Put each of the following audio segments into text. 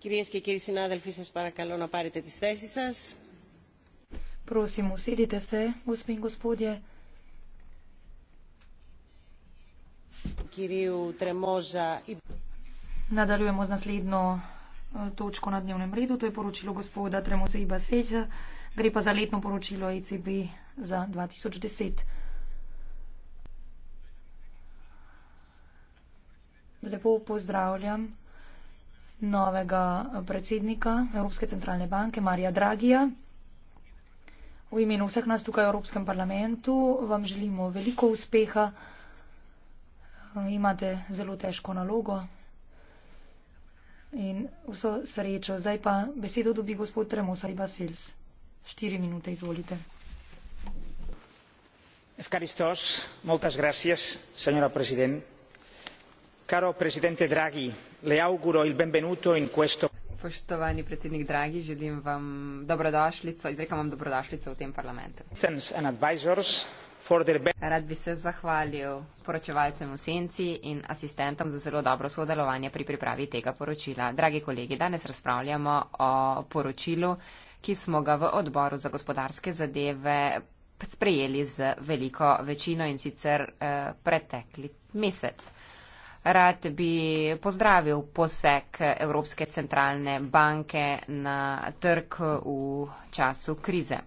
Κυρίες και κύριοι συνάδελφοι, σας παρακαλώ να πάρετε τις θέσεις σας. Πρόσιμ, usίδητε σε, γουσμίν γουσπούδιε. Κυρίου Τρεμόζα... Ναδαλούμε μας να σλίδνω точку на дневном ряду, то и поручило господа Тремоса и Баседжа, гриппа за летно поручило ИЦБ за 2010. Лепо поздравляем novega predsednika Evropske centralne banke Marija Dragija. V imenu vseh nas tukaj v Evropskem parlamentu vam želimo veliko uspeha. Imate zelo težko nalogo in vso srečo. Zdaj pa besedo dobi gospod Tremosa Ibasils. Štiri minute izvolite. Efkaristos, moltas gracias, senjora predsednica caro presidente draghi le auguro il benvenuto in questo. Poštovani predsednik Dragi, želim vam dobrodošlico, izrekam vam dobrodošlico v tem parlamentu. Rad bi se zahvalil poročevalcem v senci in asistentom za zelo dobro sodelovanje pri pripravi tega poročila. Dragi kolegi, danes razpravljamo o poročilu, ki smo ga v odboru za gospodarske zadeve sprejeli z veliko večino in sicer eh, pretekli mesec. Rad bi pozdravil poseg Evropske centralne banke na trg v času krize.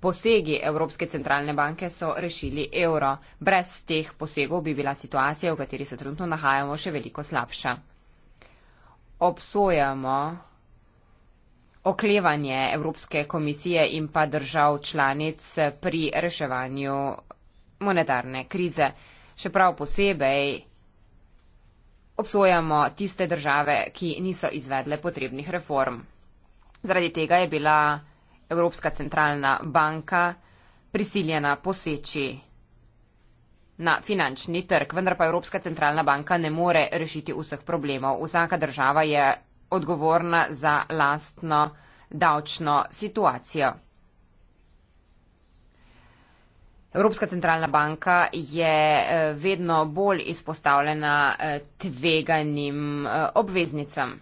Posegi Evropske centralne banke so rešili evro. Brez teh posegov bi bila situacija, v kateri se trenutno nahajamo, še veliko slabša. Obsojamo oklevanje Evropske komisije in pa držav članic pri reševanju monetarne krize še prav posebej obsojamo tiste države, ki niso izvedle potrebnih reform. Zaradi tega je bila Evropska centralna banka prisiljena poseči na finančni trg, vendar pa Evropska centralna banka ne more rešiti vseh problemov. Vsaka država je odgovorna za lastno davčno situacijo. Evropska centralna banka je eh, vedno bolj izpostavljena eh, tveganim eh, obveznicam.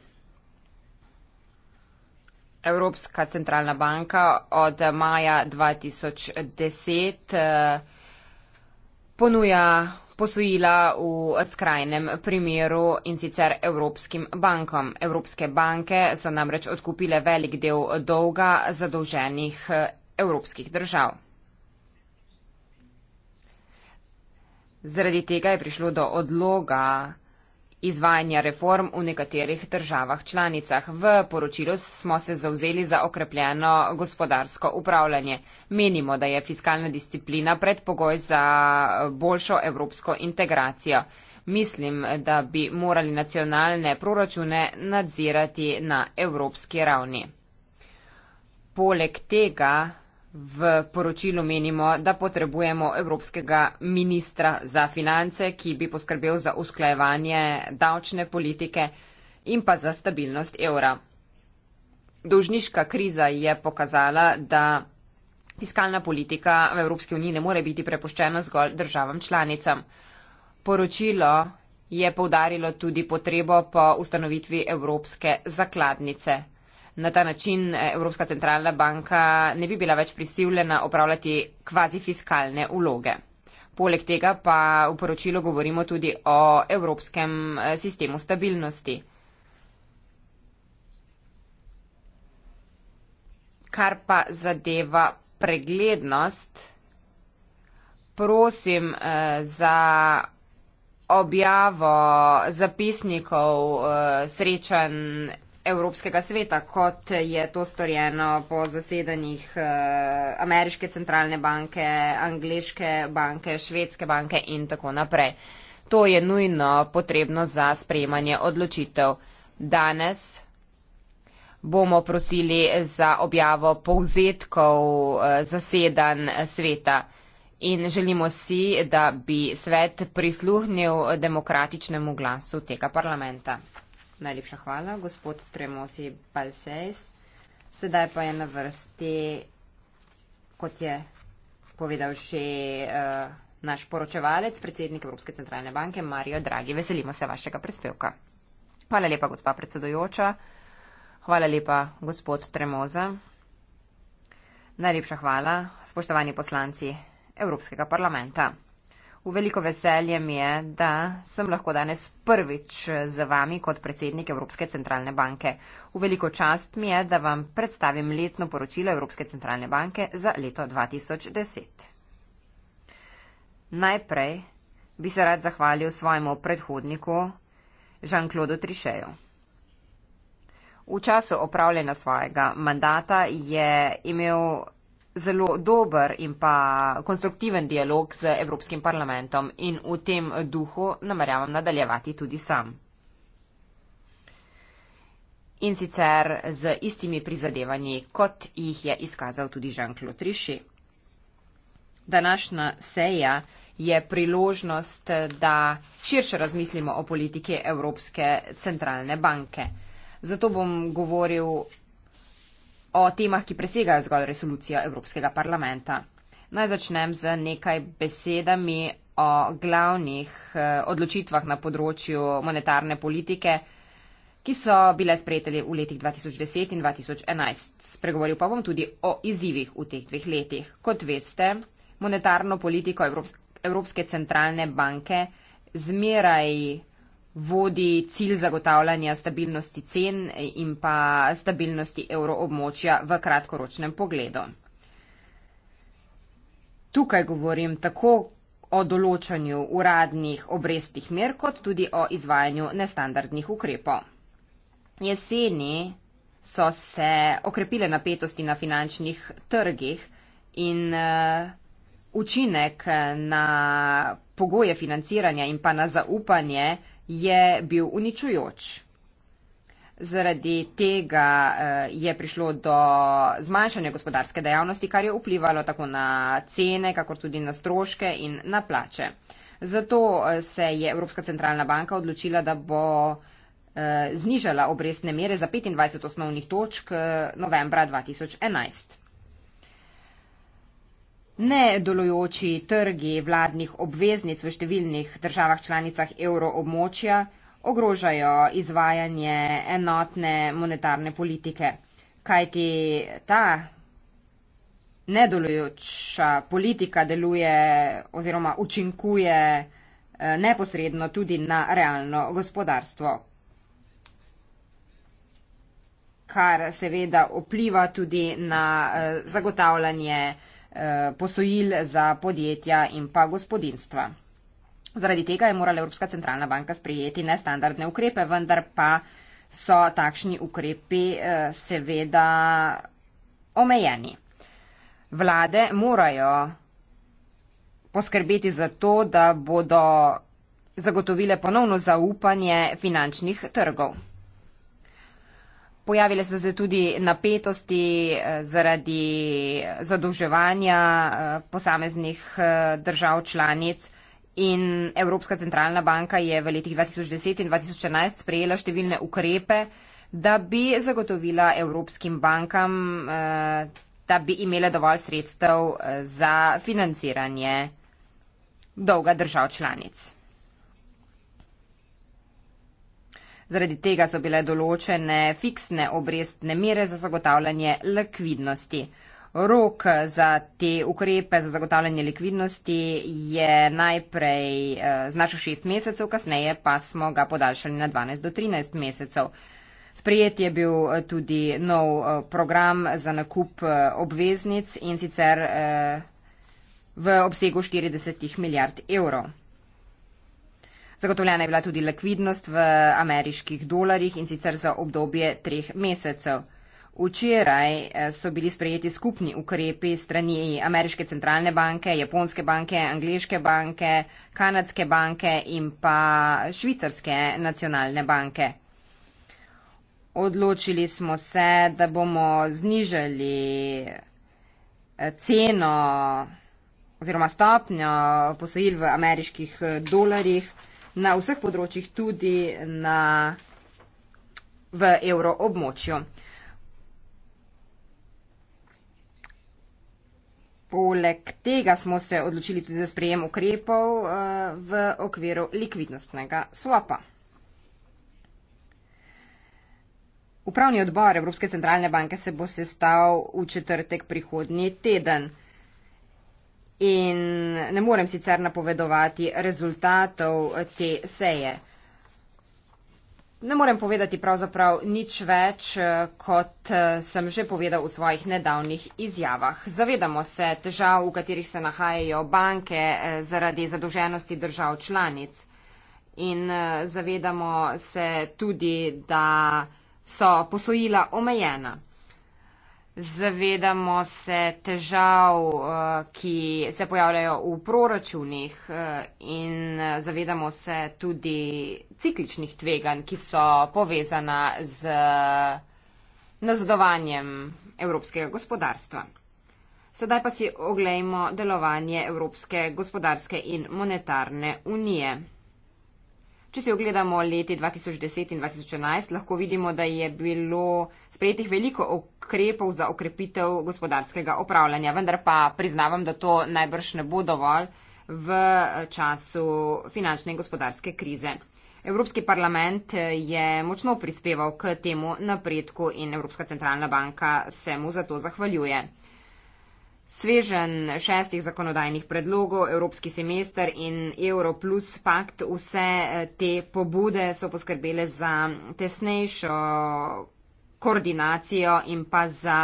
Evropska centralna banka od maja 2010 ponuja posojila v skrajnem primeru in sicer evropskim bankom. Evropske banke so namreč odkupile velik del dolga zadolženih evropskih držav. Zaradi tega je prišlo do odloga izvajanja reform v nekaterih državah članicah. V poročilu smo se zauzeli za okrepljeno gospodarsko upravljanje. Menimo, da je fiskalna disciplina predpogoj za boljšo evropsko integracijo. Mislim, da bi morali nacionalne proračune nadzirati na evropski ravni. Poleg tega v poročilu menimo, da potrebujemo evropskega ministra za finance, ki bi poskrbel za usklajevanje davčne politike in pa za stabilnost evra. Dolžniška kriza je pokazala, da fiskalna politika v Evropski uniji ne more biti prepuščena zgolj državam članicam. Poročilo je poudarilo tudi potrebo po ustanovitvi Evropske zakladnice. Na ta način eh, Evropska centralna banka ne bi bila več prisiljena opravljati kvazi fiskalne uloge. Poleg tega pa v poročilu govorimo tudi o evropskem eh, sistemu stabilnosti. Kar pa zadeva preglednost, prosim eh, za objavo zapisnikov srečanj Evropskega sveta, kot je to storjeno po zasedanjih uh, Ameriške centralne banke, Angliške banke, Švedske banke in tako naprej. To je nujno potrebno za sprejemanje odločitev. Danes bomo prosili za objavo povzetkov eh, zasedan sveta in želimo si, da bi svet prisluhnil demokratičnemu glasu tega parlamenta. Najlepša hvala, gospod Tremosi Balsejs. Sedaj pa je na vrsti, kot je povedal še uh, eh, naš poročevalec, predsednik Evropske centralne banke Mario Draghi. Veselimo se vašega prispevka. Hvala lepa, gospa predsedojoča. Hvala lepa, gospod Tremoza. Najlepša hvala, spoštovani poslanci Evropskega parlamenta. Veliko veselje mi je, da sem lahko danes prvič z vami kot predsednik Evropske centralne banke. V veliko čast mi je, da vam predstavim letno poročilo Evropske centralne banke za leto 2010. Najprej bi se rad zahvalil svojemu predhodniku Jean-Claude Trišeju. V času opravljena svojega mandata je imel zelo dober in pa konstruktiven dialog z Evropskim parlamentom in v tem duhu nameravam nadaljevati tudi sam. In sicer z istimi prizadevanji, kot jih je izkazal tudi Jean-Claude Riši. Današnja seja je priložnost, da širše razmislimo o politiki Evropske centralne banke. Zato bom govoril o temah, ki presegajo zgolj resolucijo Evropskega parlamenta. Naj začnem z nekaj besedami o glavnih eh, odločitvah na področju monetarne politike, ki so bile sprejeteli v letih 2010 in 2011. Spregovoril pa bom tudi o izzivih v teh dveh letih. Kot veste, monetarno politiko Evropske centralne banke zmeraj vodi cilj zagotavljanja stabilnosti cen in pa stabilnosti evroobmočja v kratkoročnem pogledu. Tukaj govorim tako o določanju uradnih obrestnih mer, kot tudi o izvajanju nestandardnih ukrepov. Jeseni so se okrepile napetosti na finančnih trgih in eh, učinek na pogoje financiranja in pa na zaupanje je bil uničujoč. Zaradi tega eh, je prišlo do zmanjšanja gospodarske dejavnosti, kar je vplivalo tako na cene, kakor tudi na stroške in na plače. Zato eh, se je Evropska centralna banka odločila, da bo eh, znižala obrestne mere za 25 osnovnih točk novembra 2011. Nedolujoči trgi vladnih obveznic v številnih državah članicah evroobmočja ogrožajo izvajanje enotne monetarne politike, kajti ta nedolujoča politika deluje oziroma učinkuje eh, neposredno tudi na realno gospodarstvo, kar seveda vpliva tudi na eh, zagotavljanje Eh, posojil za podjetja in pa gospodinstva. Zaradi tega je morala Evropska centralna banka sprijeti nestandardne ukrepe, vendar pa so takšni ukrepi eh, seveda omejeni. Vlade morajo poskrbeti za to, da bodo zagotovile ponovno zaupanje finančnih trgov. Pojavile so se tudi napetosti eh, zaradi eh, zadolževanja eh, posameznih držav članic in Evropska centralna banka je v letih 2010 in 2011 sprejela številne ukrepe, da bi zagotovila evropskim bankam, da bi imele dovolj sredstev za financiranje dolga držav članic. Zaradi tega so bile določene fiksne obrestne mere za zagotavljanje likvidnosti. Rok za te ukrepe za zagotavljanje likvidnosti je najprej eh, znašel 6 mesecev, kasneje pa smo ga podaljšali na 12 do 13 mesecev. Sprejet je bil eh, tudi nov eh, program za nakup obveznic in sicer v obsegu 40 milijard evrov. Zagotovljena je bila tudi likvidnost v ameriških dolarjih in sicer za obdobje treh mesecev. Včeraj eh, so bili sprejeti skupni ukrepi strani Ameriške centralne banke, Japonske banke, Angliške banke, Kanadske banke in pa Švicarske nacionalne banke. Odločili smo se, da bomo znižali eh, ceno oziroma stopnjo posojil v ameriških eh, dolarjih na vseh področjih, tudi na, v evroobmočju. Poleg tega smo se odločili tudi za sprejem ukrepov eh, v okviru likvidnostnega slapa. Upravni odbor Evropske centralne banke se bo sestal v četrtek prihodnji teden in ne morem sicer napovedovati rezultatov te seje. Ne morem povedati pravzaprav nič več, kot eh, sem že povedal v svojih nedavnih izjavah. Zavedamo se težav, v katerih se nahajajo banke eh, zaradi zadolženosti držav članic in eh, zavedamo se tudi, da so posojila omejena zavedamo se težav, eh, ki se pojavljajo v proračunih eh, in zavedamo se tudi cikličnih tveganj, ki so povezana z nazadovanjem evropskega gospodarstva. Sedaj pa si oglejmo delovanje Evropske gospodarske in monetarne unije. Če si ogledamo leti 2010 in 2011, lahko vidimo, da je bilo sprejetih veliko ukrepov za okrepitev gospodarskega upravljanja, vendar pa priznavam, da to najbrž ne bo dovolj v času finančne in gospodarske krize. Evropski parlament je močno prispeval k temu napredku in Evropska centralna banka se mu za to zahvaljuje. Svežen šestih zakonodajnih predlogov, Evropski semester in Euro plus pakt, vse eh, te pobude so poskrbele za tesnejšo koordinacijo in pa za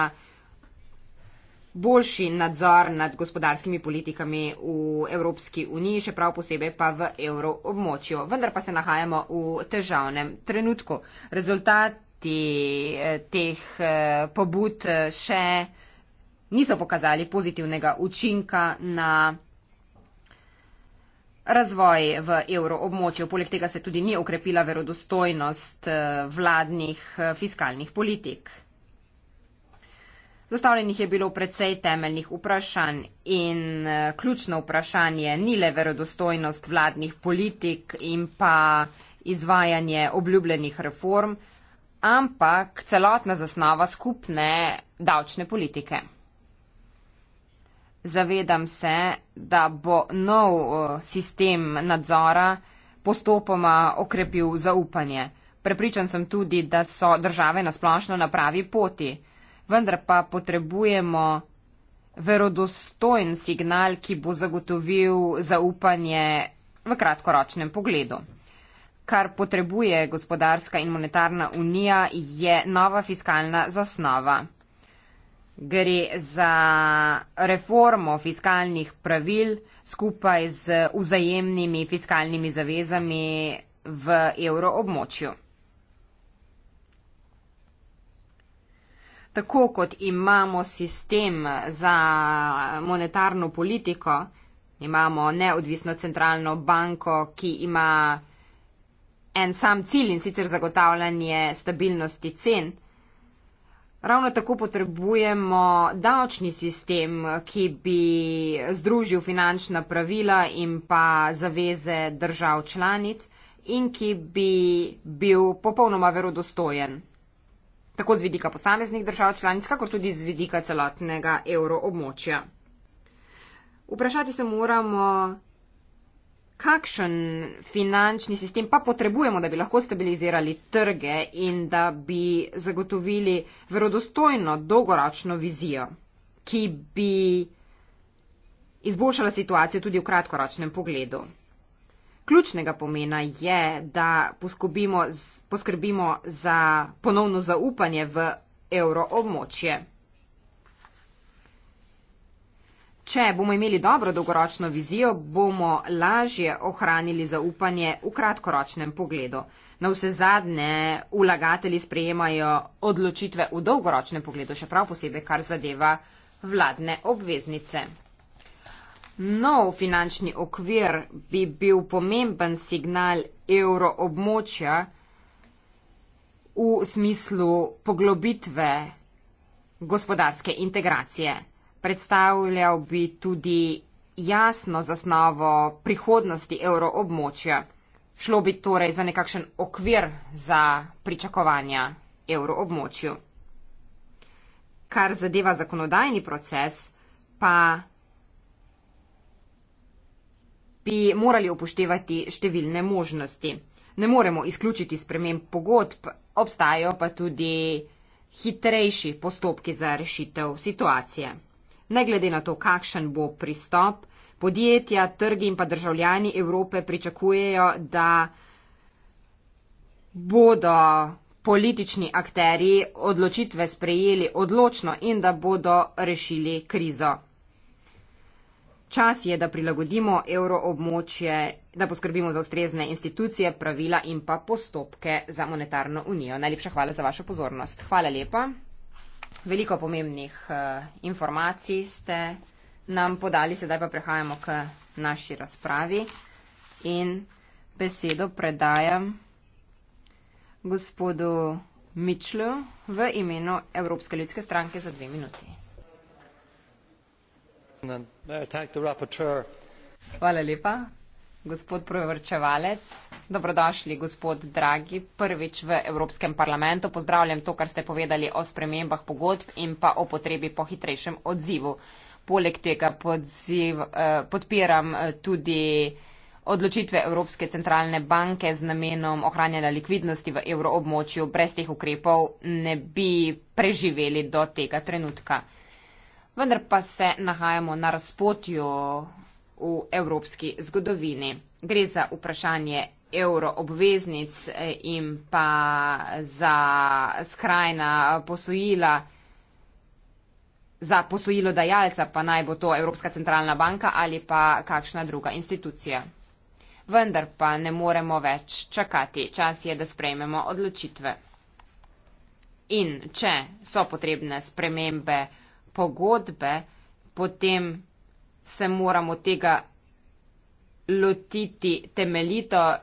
boljši nadzor nad gospodarskimi politikami v Evropski uniji, še prav posebej pa v evroobmočju. Vendar pa se nahajamo v težavnem trenutku. Rezultati eh, teh eh, pobud še niso pokazali pozitivnega učinka na razvoj v evroobmočju. Poleg tega se tudi ni okrepila verodostojnost eh, vladnih eh, fiskalnih politik. Zastavljenih je bilo precej temeljnih vprašanj in eh, ključno vprašanje ni le verodostojnost vladnih politik in pa izvajanje obljubljenih reform, ampak celotna zasnova skupne davčne politike zavedam se, da bo nov eh, sistem nadzora postopoma okrepil zaupanje. Prepričan sem tudi, da so države nasplošno na pravi poti, vendar pa potrebujemo verodostojen signal, ki bo zagotovil zaupanje v kratkoročnem pogledu. Kar potrebuje gospodarska in monetarna unija je nova fiskalna zasnova. Gre za reformo fiskalnih pravil skupaj z vzajemnimi fiskalnimi zavezami v evroobmočju. Tako kot imamo sistem za monetarno politiko, imamo neodvisno centralno banko, ki ima en sam cilj in sicer zagotavljanje stabilnosti cen. Ravno tako potrebujemo davčni sistem, ki bi združil finančna pravila in pa zaveze držav članic in ki bi bil popolnoma verodostojen. Tako z vidika posameznih držav članic, kako tudi z vidika celotnega evroobmočja. Vprašati se moramo, kakšen finančni sistem pa potrebujemo, da bi lahko stabilizirali trge in da bi zagotovili verodostojno dolgoročno vizijo, ki bi izboljšala situacijo tudi v kratkoročnem pogledu. Ključnega pomena je, da poskrbimo za ponovno zaupanje v evroobmočje. Če bomo imeli dobro dolgoročno vizijo, bomo lažje ohranili zaupanje v kratkoročnem pogledu. Na vse zadnje, vlagateli sprejemajo odločitve v dolgoročnem pogledu, še prav posebej, kar zadeva vladne obveznice. Nov finančni okvir bi bil pomemben signal evroobmočja v smislu poglobitve gospodarske integracije predstavljal bi tudi jasno zasnovo prihodnosti evroobmočja. Šlo bi torej za nekakšen okvir za pričakovanja evroobmočju. Kar zadeva zakonodajni proces, pa bi morali upoštevati številne možnosti. Ne moremo izključiti sprememb pogodb, obstajajo pa tudi hitrejši postopki za rešitev situacije ne glede na to, kakšen bo pristop, podjetja, trgi in pa državljani Evrope pričakujejo, da bodo politični akteri odločitve sprejeli odločno in da bodo rešili krizo. Čas je, da prilagodimo evroobmočje, da poskrbimo za ustrezne institucije, pravila in pa postopke za monetarno unijo. Najlepša hvala za vašo pozornost. Hvala lepa. Veliko pomembnih uh, informacij ste nam podali, sedaj pa prehajamo k naši razpravi in besedo predajam gospodu Mičlu v imenu Evropske ljudske stranke za dve minuti. Hvala lepa gospod provrčevalec. Dobrodošli, gospod Dragi, prvič v Evropskem parlamentu. Pozdravljam to, kar ste povedali o spremembah pogodb in pa o potrebi po hitrejšem odzivu. Poleg tega podziv, eh, podpiram eh, tudi odločitve Evropske centralne banke z namenom ohranjanja likvidnosti v evroobmočju. Brez teh ukrepov ne bi preživeli do tega trenutka. Vendar pa se nahajamo na razpotju v evropski zgodovini. Gre za vprašanje euroobveznic eh, in pa za skrajna posojila, za posojilo dajalca, pa naj bo to Evropska centralna banka ali pa kakšna druga institucija. Vendar pa ne moremo več čakati. Čas je, da sprejmemo odločitve. In če so potrebne spremembe pogodbe, potem se moramo tega lotiti temeljito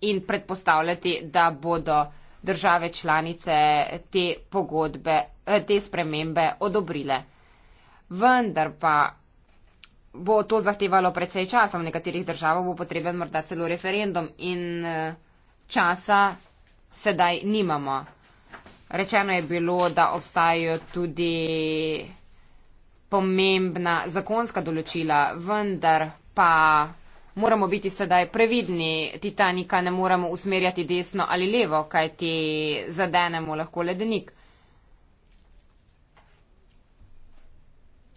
in predpostavljati, da bodo države članice te pogodbe, eh, te spremembe odobrile. Vendar pa bo to zahtevalo predvsej časa, v nekaterih državah bo potreben morda celo referendum in eh, časa sedaj nimamo. Rečeno je bilo, da obstajajo tudi pomembna zakonska določila, vendar pa moramo biti sedaj previdni. Titanika ne moramo usmerjati desno ali levo, kajti zadenemo lahko ledenik.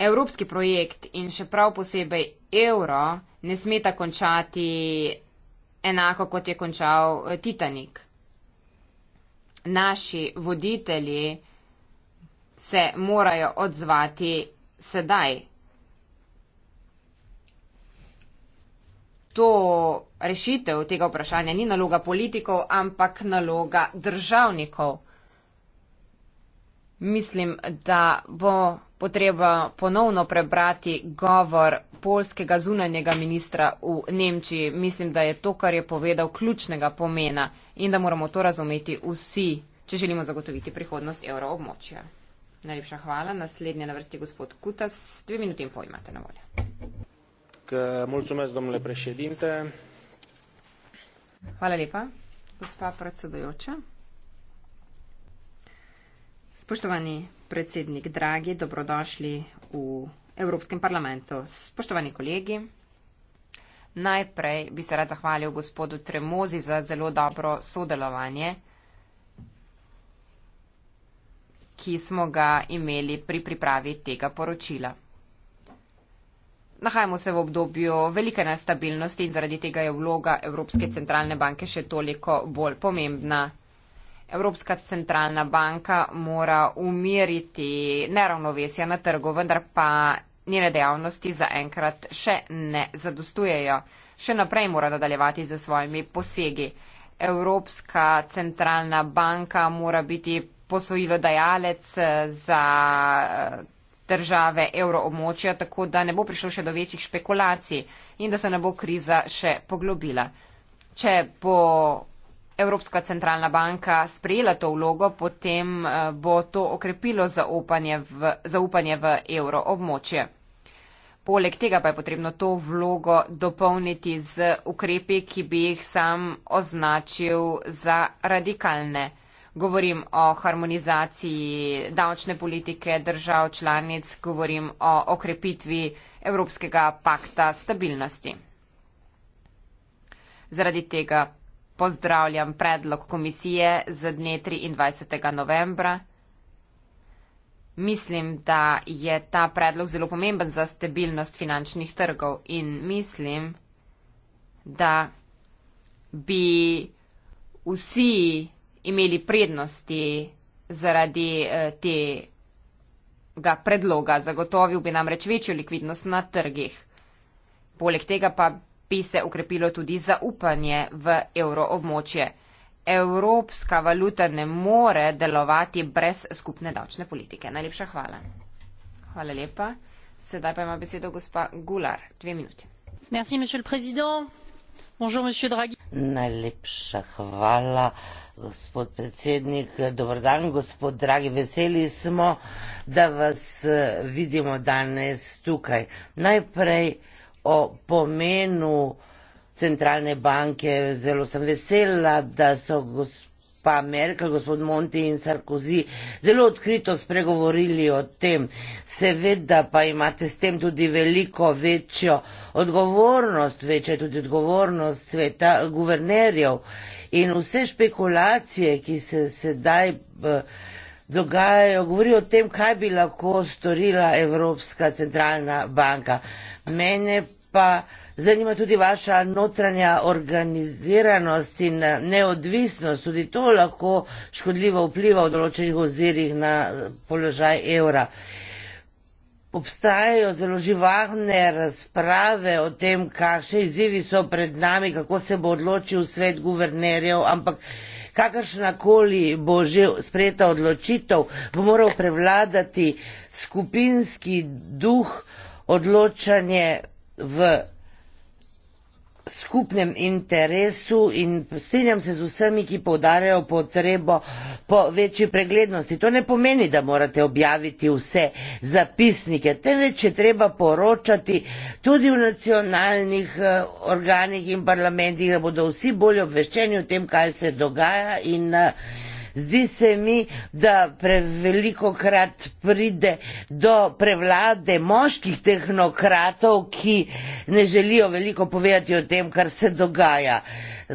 Evropski projekt in še prav posebej evro ne smeta končati enako, kot je končal eh, Titanik. Naši voditelji se morajo odzvati sedaj to rešitev tega vprašanja ni naloga politikov, ampak naloga državnikov. Mislim, da bo potreba ponovno prebrati govor polskega zunanjega ministra v Nemčiji. Mislim, da je to, kar je povedal, ključnega pomena in da moramo to razumeti vsi, če želimo zagotoviti prihodnost evroobmočja. Najlepša hvala. Naslednja na vrsti gospod Kutas. Dve minuti in pol imate na voljo. Hvala lepa, gospa predsedujoča. Spoštovani predsednik, dragi, dobrodošli v Evropskem parlamentu. Spoštovani kolegi, najprej bi se rad zahvalil gospodu Tremozi za zelo dobro sodelovanje ki smo ga imeli pri pripravi tega poročila. Nahajamo se v obdobju velike nestabilnosti in zaradi tega je vloga Evropske centralne banke še toliko bolj pomembna. Evropska centralna banka mora umiriti neravnovesja na trgu, vendar pa njene dejavnosti zaenkrat še ne zadostujejo. Še naprej mora nadaljevati z svojimi posegi. Evropska centralna banka mora biti posojilodajalec eh, za eh, države evroobmočja, tako da ne bo prišlo še do večjih špekulacij in da se ne bo kriza še poglobila. Če bo Evropska centralna banka sprejela to vlogo, potem eh, bo to okrepilo zaupanje v, zaupanje v evroobmočje. Poleg tega pa je potrebno to vlogo dopolniti z ukrepi, ki bi jih sam označil za radikalne govorim o harmonizaciji davčne politike držav članic, govorim o okrepitvi Evropskega pakta stabilnosti. Zaradi tega pozdravljam predlog komisije za dne 23. novembra. Mislim, da je ta predlog zelo pomemben za stabilnost finančnih trgov in mislim, da bi vsi imeli prednosti zaradi eh, tega predloga. Zagotovil bi nam reč večjo likvidnost na trgih. Poleg tega pa bi se ukrepilo tudi zaupanje v evroobmočje. Evropska valuta ne more delovati brez skupne davčne politike. Najlepša hvala. Hvala lepa. Sedaj pa ima besedo gospa Gular. Dve minuti. Merci, monsieur le président. Bonjour, monsieur Draghi. Najlepša hvala, gospod predsednik. Dobar dan, gospod Dragi. Veseli smo, da vas vidimo danes tukaj. Najprej o pomenu centralne banke. Zelo sem vesela, da so gospod pa Amerika, gospod Monti in Sarkozy, zelo odkrito spregovorili o tem. Seveda pa imate s tem tudi veliko večjo odgovornost, večja je tudi odgovornost sveta guvernerjev. In vse špekulacije, ki se sedaj eh, dogajajo, govorijo o tem, kaj bi lahko storila Evropska centralna banka. Mene pa. Zanima tudi vaša notranja organiziranost in eh, neodvisnost, tudi to lahko škodljivo vpliva v določenih ozirih na eh, položaj evra. Obstajajo zelo živahne razprave o tem, kakšni izzivi so pred nami, kako se bo odločil svet guvernerjev, ampak kakršnakoli bo že sprejeta odločitev, bo moral prevladati skupinski duh odločanje v skupnem interesu in strinjam se z vsemi, ki povdarjajo potrebo po večji preglednosti. To ne pomeni, da morate objaviti vse zapisnike, temveč je treba poročati tudi v nacionalnih eh, organih in parlamentih, da bodo vsi bolj obveščeni o tem, kaj se dogaja in uh, zdi se mi, da preveliko krat pride do prevlade moških tehnokratov, ki ne želijo veliko povedati o tem, kar se dogaja.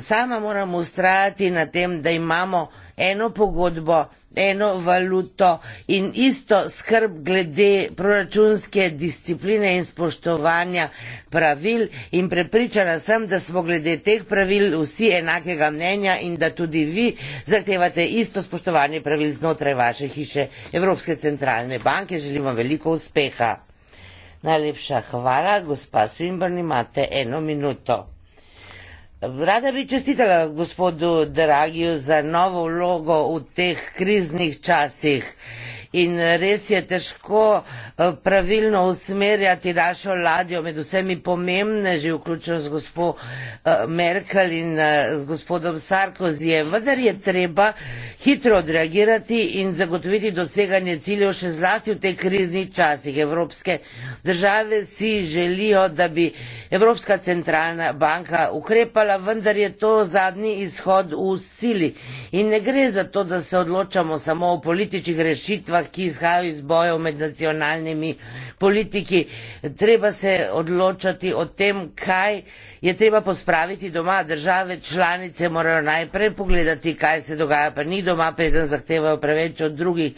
Sama moramo ustrajati na tem, da imamo eno pogodbo, eno valuto in isto skrb glede proračunske discipline in spoštovanja pravil in prepričana sem, da smo glede teh pravil vsi enakega mnenja in da tudi vi zahtevate isto spoštovanje pravil znotraj vaše hiše Evropske centralne banke. Želim vam veliko uspeha. Najlepša hvala, gospa Svimbrn, imate eno minuto. Rada bi čestitala gospodu Dragiju za novo vlogo v teh kriznih časih in res je težko eh, pravilno usmerjati našo ladjo med vsemi pomembneži, vključno z gospod eh, Merkel in eh, z gospodom Sarkozijem. Vendar je treba hitro odreagirati in zagotoviti doseganje ciljev še zlasti v teh kriznih časih. Evropske države si želijo, da bi Evropska centralna banka ukrepala, vendar je to zadnji izhod v sili. In ne gre za to, da se odločamo samo o političnih rešitvah, težavah, ki izhajajo iz bojev med nacionalnimi politiki. Treba se odločati o tem, kaj je treba pospraviti doma. Države članice morajo najprej pogledati, kaj se dogaja, pa ni doma, preden zahtevajo preveč od drugih.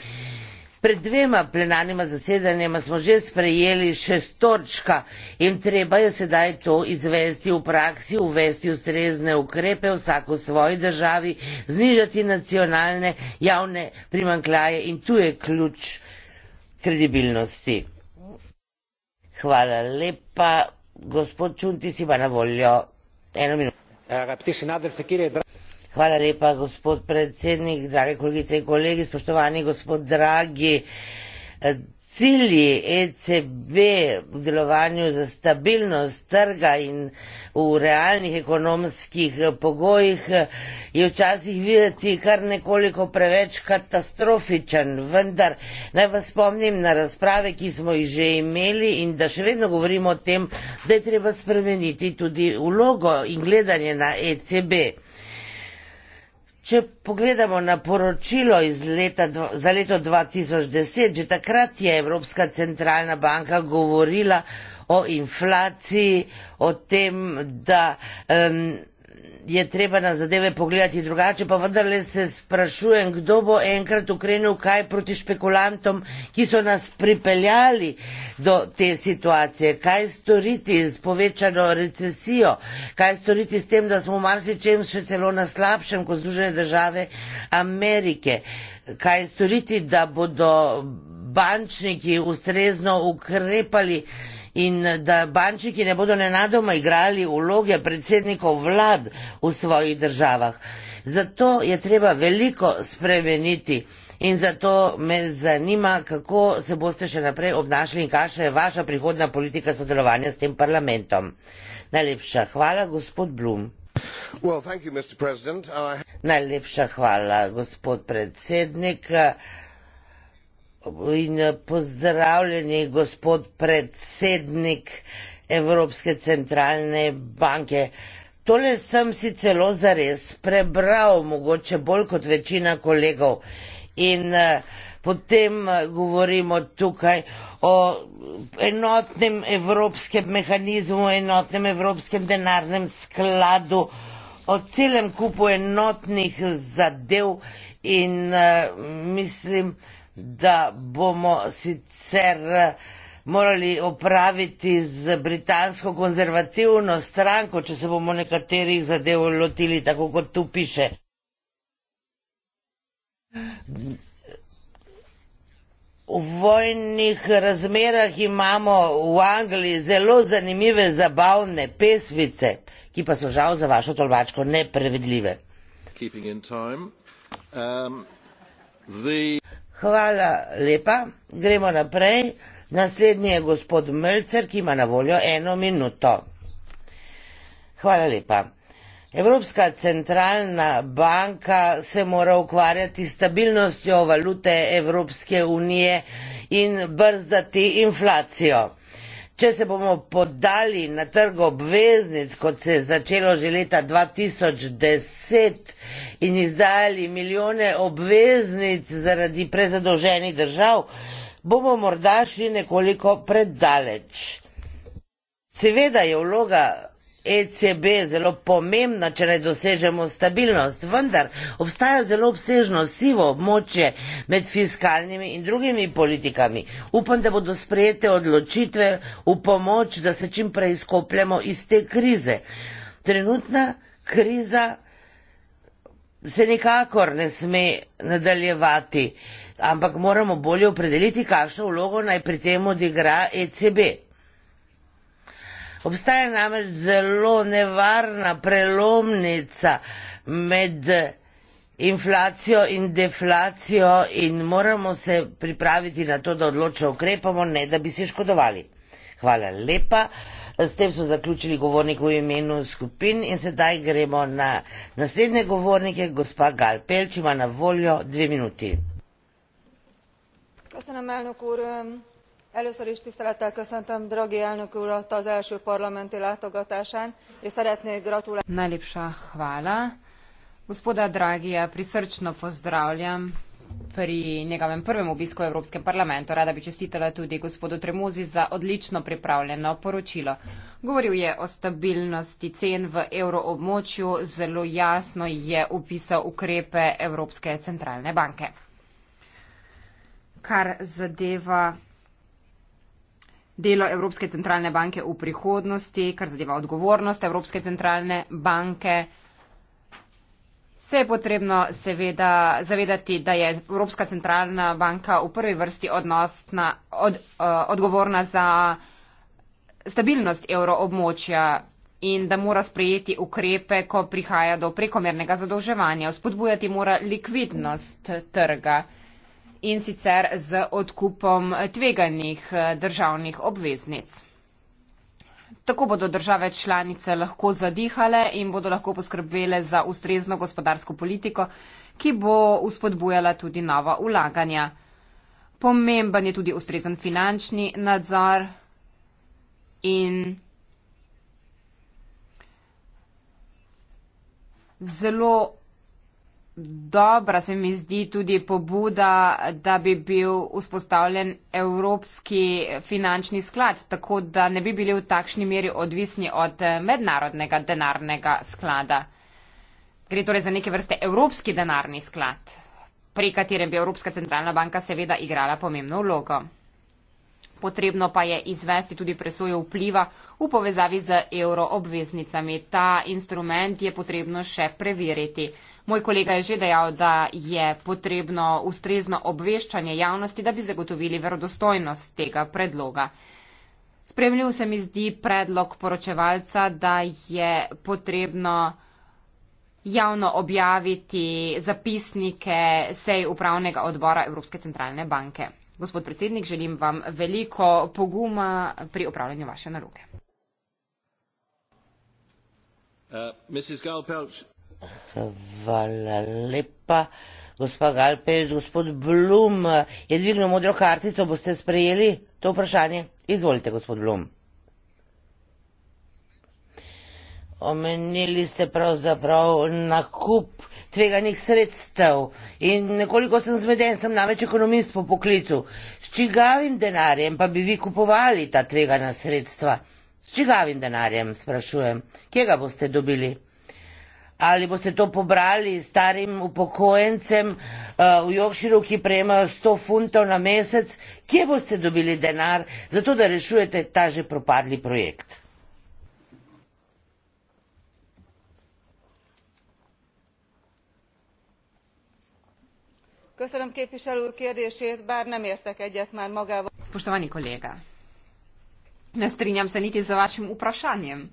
Pred dvema plenarnima zasedanjima smo že sprejeli šest točka in treba je sedaj to izvesti v praksi, uvesti ustrezne ukrepe vsako svoji državi, znižati nacionalne javne primankljaje in tu je ključ kredibilnosti. Hvala lepa. Gospod Čunti si ima na voljo eno minuto. Hvala lepa, gospod predsednik, drage kolegice in kolegi, spoštovani gospod Dragi. Cilji ECB v delovanju za stabilnost trga in v realnih ekonomskih pogojih je včasih videti kar nekoliko preveč katastrofičen, vendar naj vas spomnim na razprave, ki smo jih že imeli in da še vedno govorimo o tem, da je treba spremeniti tudi vlogo in gledanje na ECB. Če pogledamo na poročilo leta, za leto 2010, že takrat je Evropska centralna banka govorila o inflaciji, o tem, da um, je treba na zadeve pogledati drugače, pa vendarle se sprašujem, kdo bo enkrat ukrenil kaj proti špekulantom, ki so nas pripeljali do te situacije, kaj storiti z povečano recesijo, kaj storiti s tem, da smo v marsičem še celo na slabšem kot Združene države Amerike, kaj storiti, da bodo bančniki ustrezno ukrepali, in da bančiki ne bodo nenadoma igrali vloge predsednikov vlad v svojih državah. Zato je treba veliko spremeniti in zato me zanima, kako se boste še naprej obnašali in kakšna je vaša prihodna politika sodelovanja s tem parlamentom. Najlepša hvala, gospod Blum. Well, you, uh, Najlepša hvala, gospod predsednik. In eh, pozdravljeni gospod predsednik Evropske centralne banke. Tole sem si celo zares prebral, mogoče bolj kot večina kolegov. In eh, potem eh, govorimo tukaj o enotnem evropskem mehanizmu, enotnem evropskem denarnem skladu, o celem kupu enotnih zadev in mislim, da bomo sicer eh, morali opraviti z britansko konzervativno stranko, če se bomo nekaterih zadev lotili, tako kot tu piše. V vojnih razmerah imamo v Angliji zelo zanimive, zabavne pesmice, ki pa so žal za vašo tolbačko neprevedljive. Um, the... Hvala lepa. Gremo naprej. Naslednji je gospod Melcer, ki ima na voljo eno minuto. Hvala lepa. Evropska centralna banka se mora ukvarjati stabilnostjo valute Evropske unije in brzdati inflacijo. Če se bomo podali na trg obveznic, kot se je začelo že leta 2010 in izdajali milijone obveznic zaradi prezadolženih držav, bomo morda šli nekoliko predaleč. Seveda je vloga ECB zelo pomembna, če naj dosežemo stabilnost, vendar obstaja zelo obsežno sivo območje med fiskalnimi in drugimi politikami. Upam, da bodo sprejete odločitve v pomoč, da se čim prej izkopljemo iz te krize. Trenutna kriza se nikakor ne sme nadaljevati, ampak moramo bolje opredeliti, kakšno vlogo naj pri tem odigra ECB. Obstaja namreč zelo nevarna prelomnica med inflacijo in deflacijo in moramo se pripraviti na to, da odločno ukrepamo, ne da bi se škodovali. Hvala lepa. S tem so zaključili govornik v imenu skupin in sedaj gremo na naslednje govornike. Gospa Gal Pelč ima na voljo dve minuti. Kaj se nam je na kurem? először is tisztelettel köszöntöm draghi elnök urat az első parlamenti látogatásán és szeretnék gratulálni. Govoril je o stabilnosti cen v evroobmočju, zelo jasno je upisal ukrepe Evropske centralne banke. Kar zadeva delo Evropske centralne banke v prihodnosti, kar zadeva odgovornost Evropske centralne banke. Se je potrebno seveda zavedati, da je Evropska centralna banka v prvi vrsti odnosna, od, uh, odgovorna za stabilnost evroobmočja in da mora sprejeti ukrepe, ko prihaja do prekomernega zadolževanja. Spodbujati mora likvidnost trga in sicer z odkupom tveganih eh, državnih obveznic. Tako bodo države članice lahko zadihale in bodo lahko poskrbele za ustrezno gospodarsko politiko, ki bo uspodbujala tudi nova ulaganja. Pomemben je tudi ustrezen finančni nadzor in zelo dobra se mi zdi tudi pobuda, da bi bil vzpostavljen Evropski finančni sklad, tako da ne bi bili v takšni meri odvisni od eh, mednarodnega denarnega sklada. Gre torej za neke vrste Evropski denarni sklad, pri katerem bi Evropska centralna banka seveda igrala pomembno vlogo. Potrebno pa je izvesti tudi presojo vpliva v povezavi z euroobveznicami. Ta instrument je potrebno še preveriti. Moj kolega je že dejal, da je potrebno ustrezno obveščanje javnosti, da bi zagotovili verodostojnost tega predloga. Spremljiv se mi zdi predlog poročevalca, da je potrebno javno objaviti zapisnike sej upravnega odbora Evropske centralne banke. Gospod predsednik, želim vam veliko poguma pri upravljanju vaše naloge. Uh, Hvala lepa, gospa Galpež, gospod Blum. Je dvignil modro kartico, boste sprejeli to vprašanje? Izvolite, gospod Blum. Omenili ste pravzaprav nakup tveganih sredstev. In nekoliko sem zmeden, sem namreč ekonomist po poklicu. S čigavim denarjem pa bi vi kupovali ta tvegana sredstva? S čigavim denarjem, sprašujem. Kje ga boste dobili? Ali boste to pobrali starim upokojencem uh, v Jokširu, ki prejemajo 100 funtov na mesec? Kje boste dobili denar za to, da rešujete ta že propadli projekt? köszönöm képviselő úr kérdését bár nem értek egyet már magával. Ne strinjam se niti z vašim vprašanjem.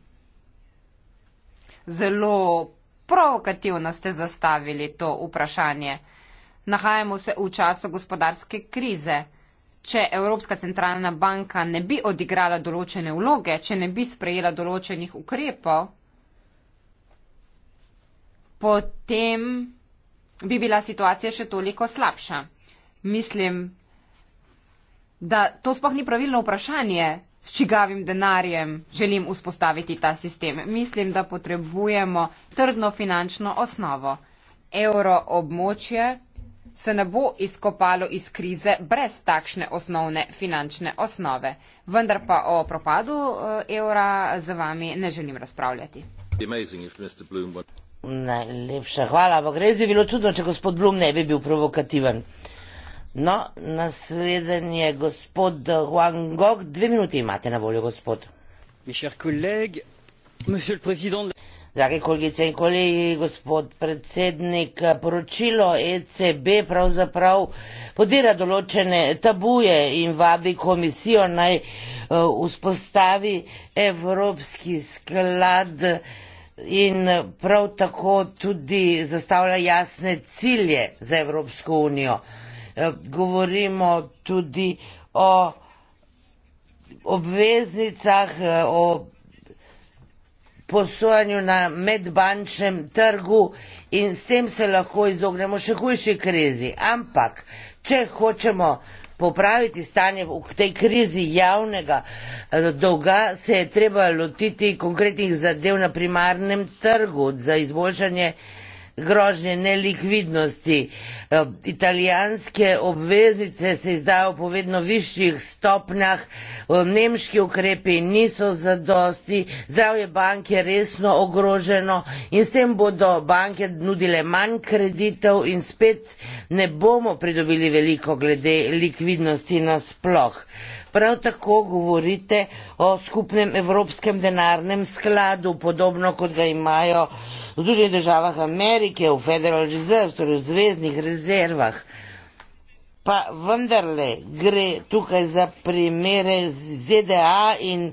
Zelo provokativno ste zastavili to vprašanje. Nahajamo se v času gospodarske krize. Če Evropska centralna banka ne bi odigrala določene vloge, če ne bi sprejela določenih ukrepov, potem bi bila situacija še toliko slabša. Mislim, da to sploh ni pravilno vprašanje, s čigavim denarjem želim vzpostaviti ta sistem. Mislim, da potrebujemo trdno finančno osnovo. Euro območje se ne bo izkopalo iz krize brez takšne osnovne finančne osnove. Vendar pa o propadu eh, evra z vami ne želim razpravljati. Najlepša hvala, ampak res bi bilo čudno, če gospod Blum ne bi bil provokativen. No, naslednji je gospod Juan Gog, dve minuti imate na voljo, gospod. Dragi kolegice in kolegi, gospod predsednik, poročilo ECB pravzaprav podira določene tabuje in vabi komisijo naj uh, vzpostavi Evropski sklad. Uh, in prav tako tudi zastavlja jasne cilje za Evropsko unijo. Eh, govorimo tudi o obveznicah, eh, o posojanju na medbančnem trgu in s tem se lahko izognemo še hujši krizi. Ampak, če hočemo popraviti stanje v tej krizi javnega eh, dolga, se je treba lotiti konkretnih zadev na primarnem trgu za izboljšanje grožnje nelikvidnosti. Eh, italijanske obveznice se izdajo po vedno višjih stopnjah, eh, nemški ukrepi niso zadosti, zdravje banke je resno ogroženo in s tem bodo banke nudile manj kreditev in spet ne bomo pridobili veliko glede likvidnosti nasploh. Prav tako govorite o skupnem evropskem denarnem skladu, podobno kot ga imajo v Združenih državah Amerike, v Federal Reserve, torej v zvezdnih rezervah pa vendarle gre tukaj za primere ZDA in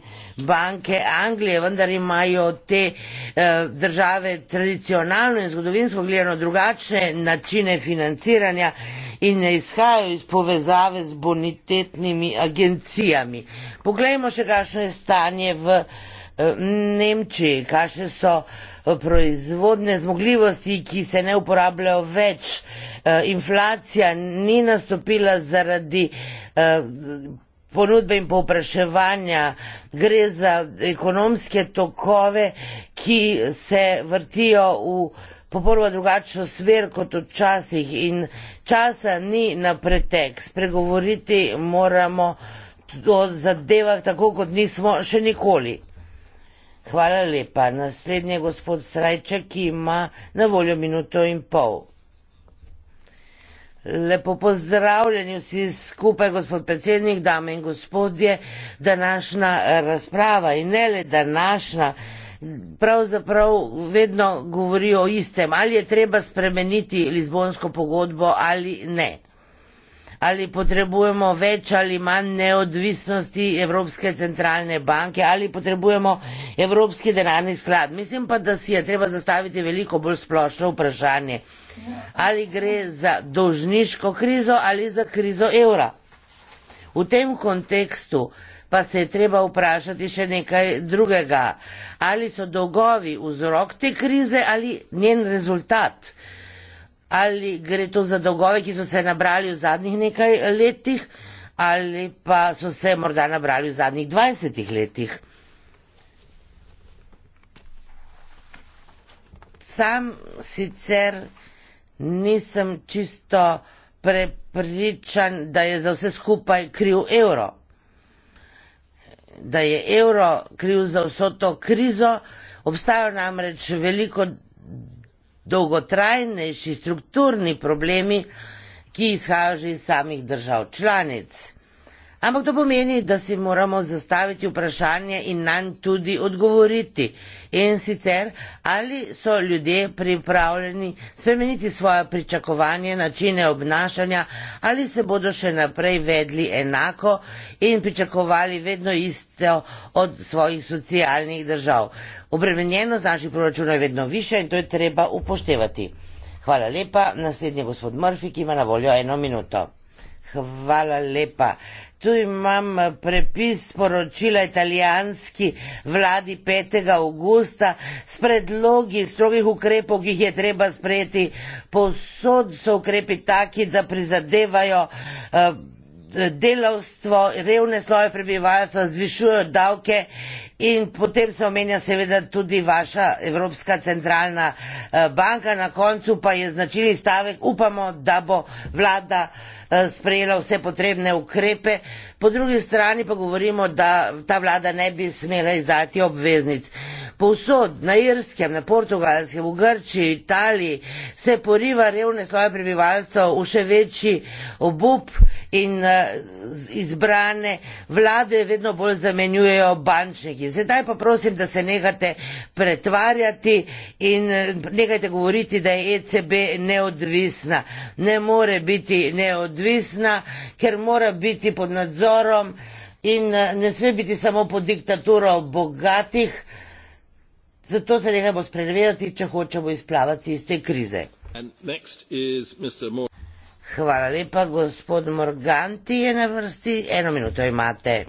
banke Anglije, vendar imajo te eh, države tradicionalno in zgodovinsko gledano drugačne načine financiranja in ne izhajajo iz povezave z bonitetnimi agencijami. Poglejmo še, kakšno je stanje v eh, Eh, Nemčiji, kakšne so eh, proizvodne zmogljivosti, ki se ne uporabljajo več. Eh, inflacija ni nastopila zaradi ponudbe in povpraševanja, gre za ekonomske tokove, ki se vrtijo v popolnoma drugačno smer kot včasih in časa ni na pretek. Spregovoriti moramo o zadevah tako, kot nismo še nikoli. Hvala lepa. Naslednji je gospod Srajček, ki ima na voljo minuto in pol. Lepo pozdravljeni vsi skupaj, gospod predsednik, dame in gospodje. Današnja razprava in ne le današnja, pravzaprav vedno govori o istem, ali je treba spremeniti Lizbonsko pogodbo ali ne ali potrebujemo več ali manj neodvisnosti Evropske centralne banke, ali potrebujemo Evropski denarni sklad. Mislim pa, da si je treba zastaviti veliko bolj splošno vprašanje. Ali gre za dolžniško krizo ali za krizo evra? V tem kontekstu pa se je treba vprašati še nekaj drugega. Ali so dolgovi vzrok te krize ali njen rezultat? ali gre to za dolgove, ki so se nabrali v zadnjih nekaj letih, ali pa so se morda nabrali v zadnjih 20 letih. Sam sicer nisem čisto prepričan, da je za vse skupaj kriv evro. Da je evro kriv za vso to krizo, obstaja namreč veliko dolgotrajnejši strukturni problemi, ki izhajajo že iz samih držav članic. Ampak to pomeni, da si moramo zastaviti vprašanje in na nj tudi odgovoriti. In sicer, ali so ljudje pripravljeni spremeniti svoje pričakovanje, načine obnašanja, ali se bodo še naprej vedli enako in pričakovali vedno isto od svojih socialnih držav. Obremenjenost naših proračunov je vedno više in to je treba upoštevati. Hvala lepa. Naslednji gospod Murphy, ki ima na voljo eno minuto. Hvala lepa. Tu imam prepis poročila italijanski vladi 5. augusta s predlogi strogih ukrepov, ki jih je treba sprejeti. Posod so ukrepi taki, da prizadevajo eh, delavstvo, revne sloje prebivalstva, zvišujejo davke in potem se omenja seveda tudi vaša Evropska centralna eh, banka. Na koncu pa je značilni stavek, upamo, da bo vlada Eh, sprejela vse potrebne ukrepe, po drugi strani pa govorimo, da ta vlada ne bi smela izdati obveznic. Povsod, na Irskem, na Portugalskem, v Grčiji, Italiji se poriva revne sloje prebivalstva v še večji obup in eh, izbrane vlade vedno bolj zamenjujejo bančniki. Sedaj pa prosim, da se nehate pretvarjati in eh, nehajte govoriti, da je ECB neodvisna. Ne more biti neodvisna, ker mora biti pod nadzorom nadzorom in eh, ne sme biti samo pod diktaturo bogatih. Zato se nehajmo sprenevedati, če hočemo izplavati iz te krize. Hvala lepa, gospod Morganti je na vrsti. Eno minuto imate.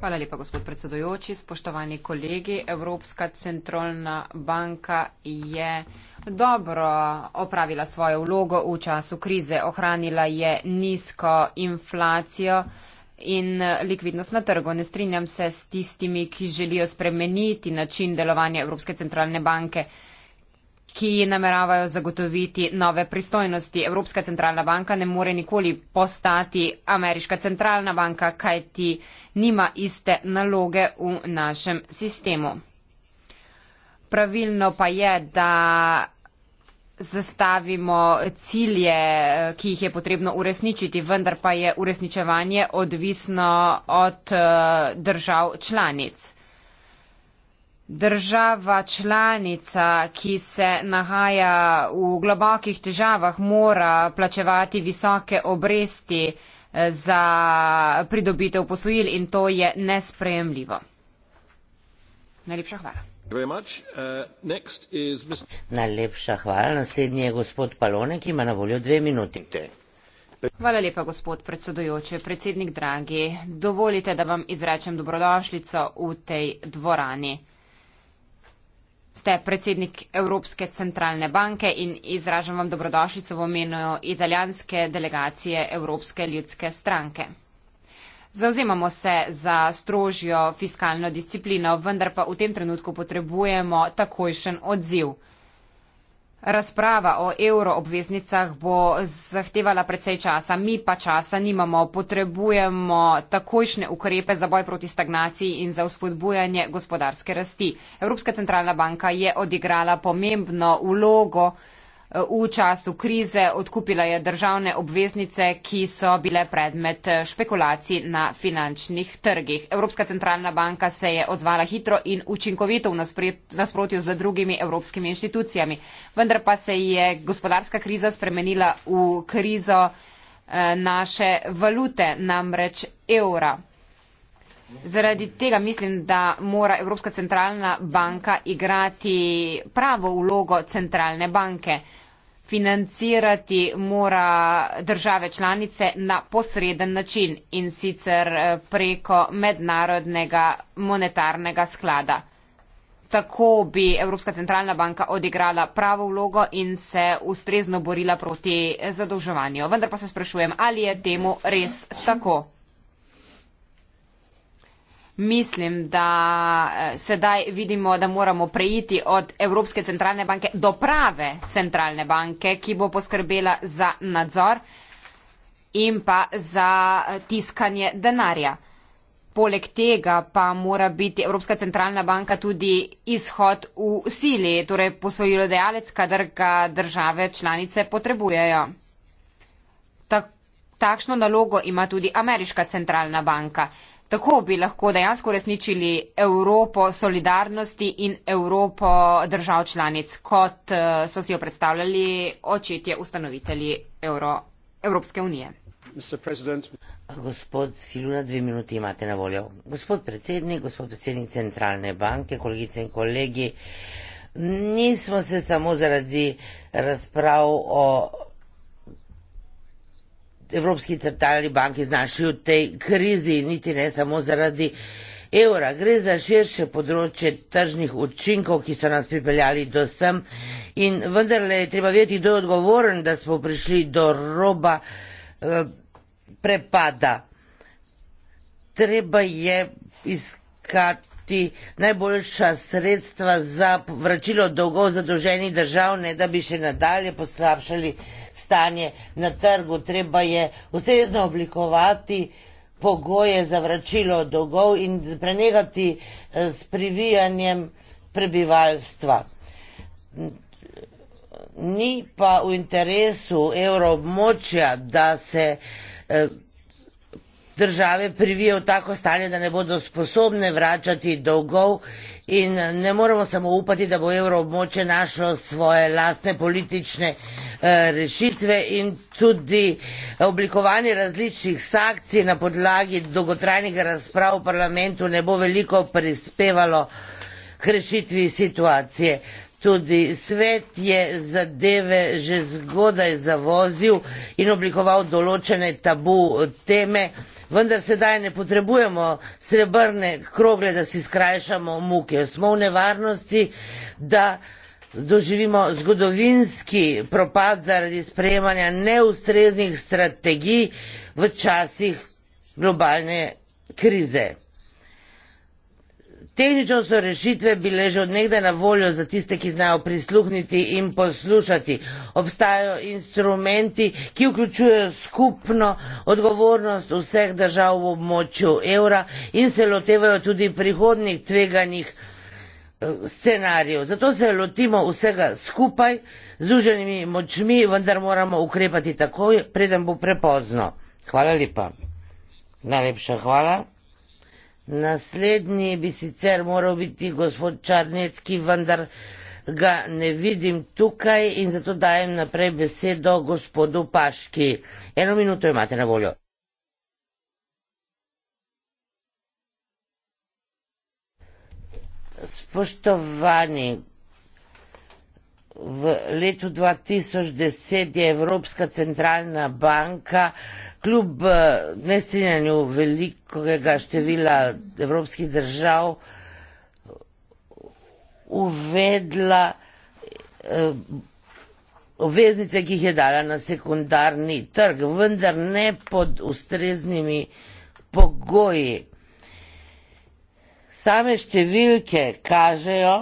Hvala lepa, gospod predsedojoči. Spoštovani kolegi, Evropska centralna banka je dobro opravila svojo vlogo v času krize. Ohranila je nizko inflacijo in eh, likvidnost na trgu. Ne strinjam se s tistimi, ki želijo spremeniti način delovanja Evropske centralne banke ki nameravajo zagotoviti nove pristojnosti. Evropska centralna banka ne more nikoli postati ameriška centralna banka, kajti nima iste naloge v našem sistemu. Pravilno pa je, da zastavimo cilje, ki jih je potrebno uresničiti, vendar pa je uresničevanje odvisno od eh, držav članic. Država članica, ki se nahaja v globokih težavah, mora plačevati visoke obresti eh, za pridobitev posojil in to je nesprejemljivo. Najlepša hvala. Uh, Najlepša hvala. Naslednji je gospod Palone, ki ima na voljo dve minuti. Hvala lepa, gospod predsedujoči. Predsednik Dragi, dovolite, da vam izrečem dobrodošlico v tej dvorani. Ste predsednik Evropske centralne banke in izražam vam dobrodošlico v omenu italijanske delegacije Evropske ljudske stranke. Zauzemamo se za strožjo fiskalno disciplino, vendar pa v tem trenutku potrebujemo takojšen odziv. Razprava o euroobveznicah bo zahtevala precej časa, mi pa časa nimamo. Potrebujemo takojšne ukrepe za boj proti stagnaciji in za vzpodbujanje gospodarske rasti. Evropska centralna banka je odigrala pomembno ulogo v času krize odkupila je državne obveznice, ki so bile predmet eh, špekulacij na finančnih trgih. Evropska centralna banka se je odzvala hitro in učinkovito v nasprotju z drugimi evropskimi inštitucijami. Vendar pa se je gospodarska kriza spremenila v krizo eh, naše valute, namreč evra. Zaradi tega mislim, da mora Evropska centralna banka igrati pravo vlogo centralne banke. Financirati mora države članice na posreden način in sicer eh, preko mednarodnega monetarnega sklada. Tako bi Evropska centralna banka odigrala pravo vlogo in se ustrezno borila proti zadolževanju. Vendar pa se sprašujem, ali je temu res tako? mislim, da eh, sedaj vidimo, da moramo preiti od Evropske centralne banke do prave centralne banke, ki bo poskrbela za nadzor in pa za eh, tiskanje denarja. Poleg tega pa mora biti Evropska centralna banka tudi izhod v sili, torej posojilodajalec, kadar ga države članice potrebujejo. Takšno nalogo ima tudi Ameriška centralna banka. Tako bi lahko dejansko resničili Evropo solidarnosti in Evropo držav članic, kot eh, so si jo predstavljali očetje ustanoviteli Euro, Evropske unije. Gospod Siluna, dve minuti imate na voljo. Gospod predsednik, gospod predsednik centralne banke, kolegice in kolegi, nismo se samo zaradi razprav o Evropski centralni banki znašli v tej krizi, niti ne samo zaradi evra. Gre za širše področje tržnih učinkov, ki so nas pripeljali do sem in vendarle je treba vedeti, kdo je odgovoren, da smo prišli do roba eh, prepada. Treba je iskati najboljša sredstva za vračilo dolgov zadoženih držav, ne da bi še nadalje poslabšali stanje na trgu. Treba je ustrezno oblikovati pogoje za vračilo dolgov in prenehati eh, s privijanjem prebivalstva. Ni pa v interesu evroobmočja, da se eh, države privije v tako stanje, da ne bodo sposobne vračati dolgov in eh, ne moremo samo upati, da bo evroobmočje našlo svoje lastne politične Eh, rešitve in tudi oblikovanje različnih sankcij na podlagi dolgotrajnih razprav v parlamentu ne bo veliko prispevalo k rešitvi situacije. Tudi svet je zadeve že zgodaj zavozil in oblikoval določene tabu teme, vendar sedaj ne potrebujemo srebrne krogle, da si skrajšamo muke. Smo v nevarnosti, da doživimo zgodovinski propad zaradi sprejemanja neustreznih strategij v časih globalne krize. Tehnično so rešitve bile že odnegda na voljo za tiste, ki znajo prisluhniti in poslušati. Obstajajo instrumenti, ki vključujejo skupno odgovornost vseh držav v območju evra in se lotevajo tudi prihodnih tveganih scenarijev. Zato se lotimo vsega skupaj, združenimi močmi, vendar moramo ukrepati takoj, preden bo prepozno. Hvala lepa. Najlepša hvala. Naslednji bi sicer moral biti gospod Čarnecki, vendar ga ne vidim tukaj in zato dajem naprej besedo gospodu Paški. Eno minuto imate na voljo. spoštovani, v letu 2010 je Evropska centralna banka kljub eh, nestrinjanju velikega števila evropskih držav uvedla eh, obveznice, ki jih je dala na sekundarni trg, vendar ne pod ustreznimi pogoji same številke kažejo,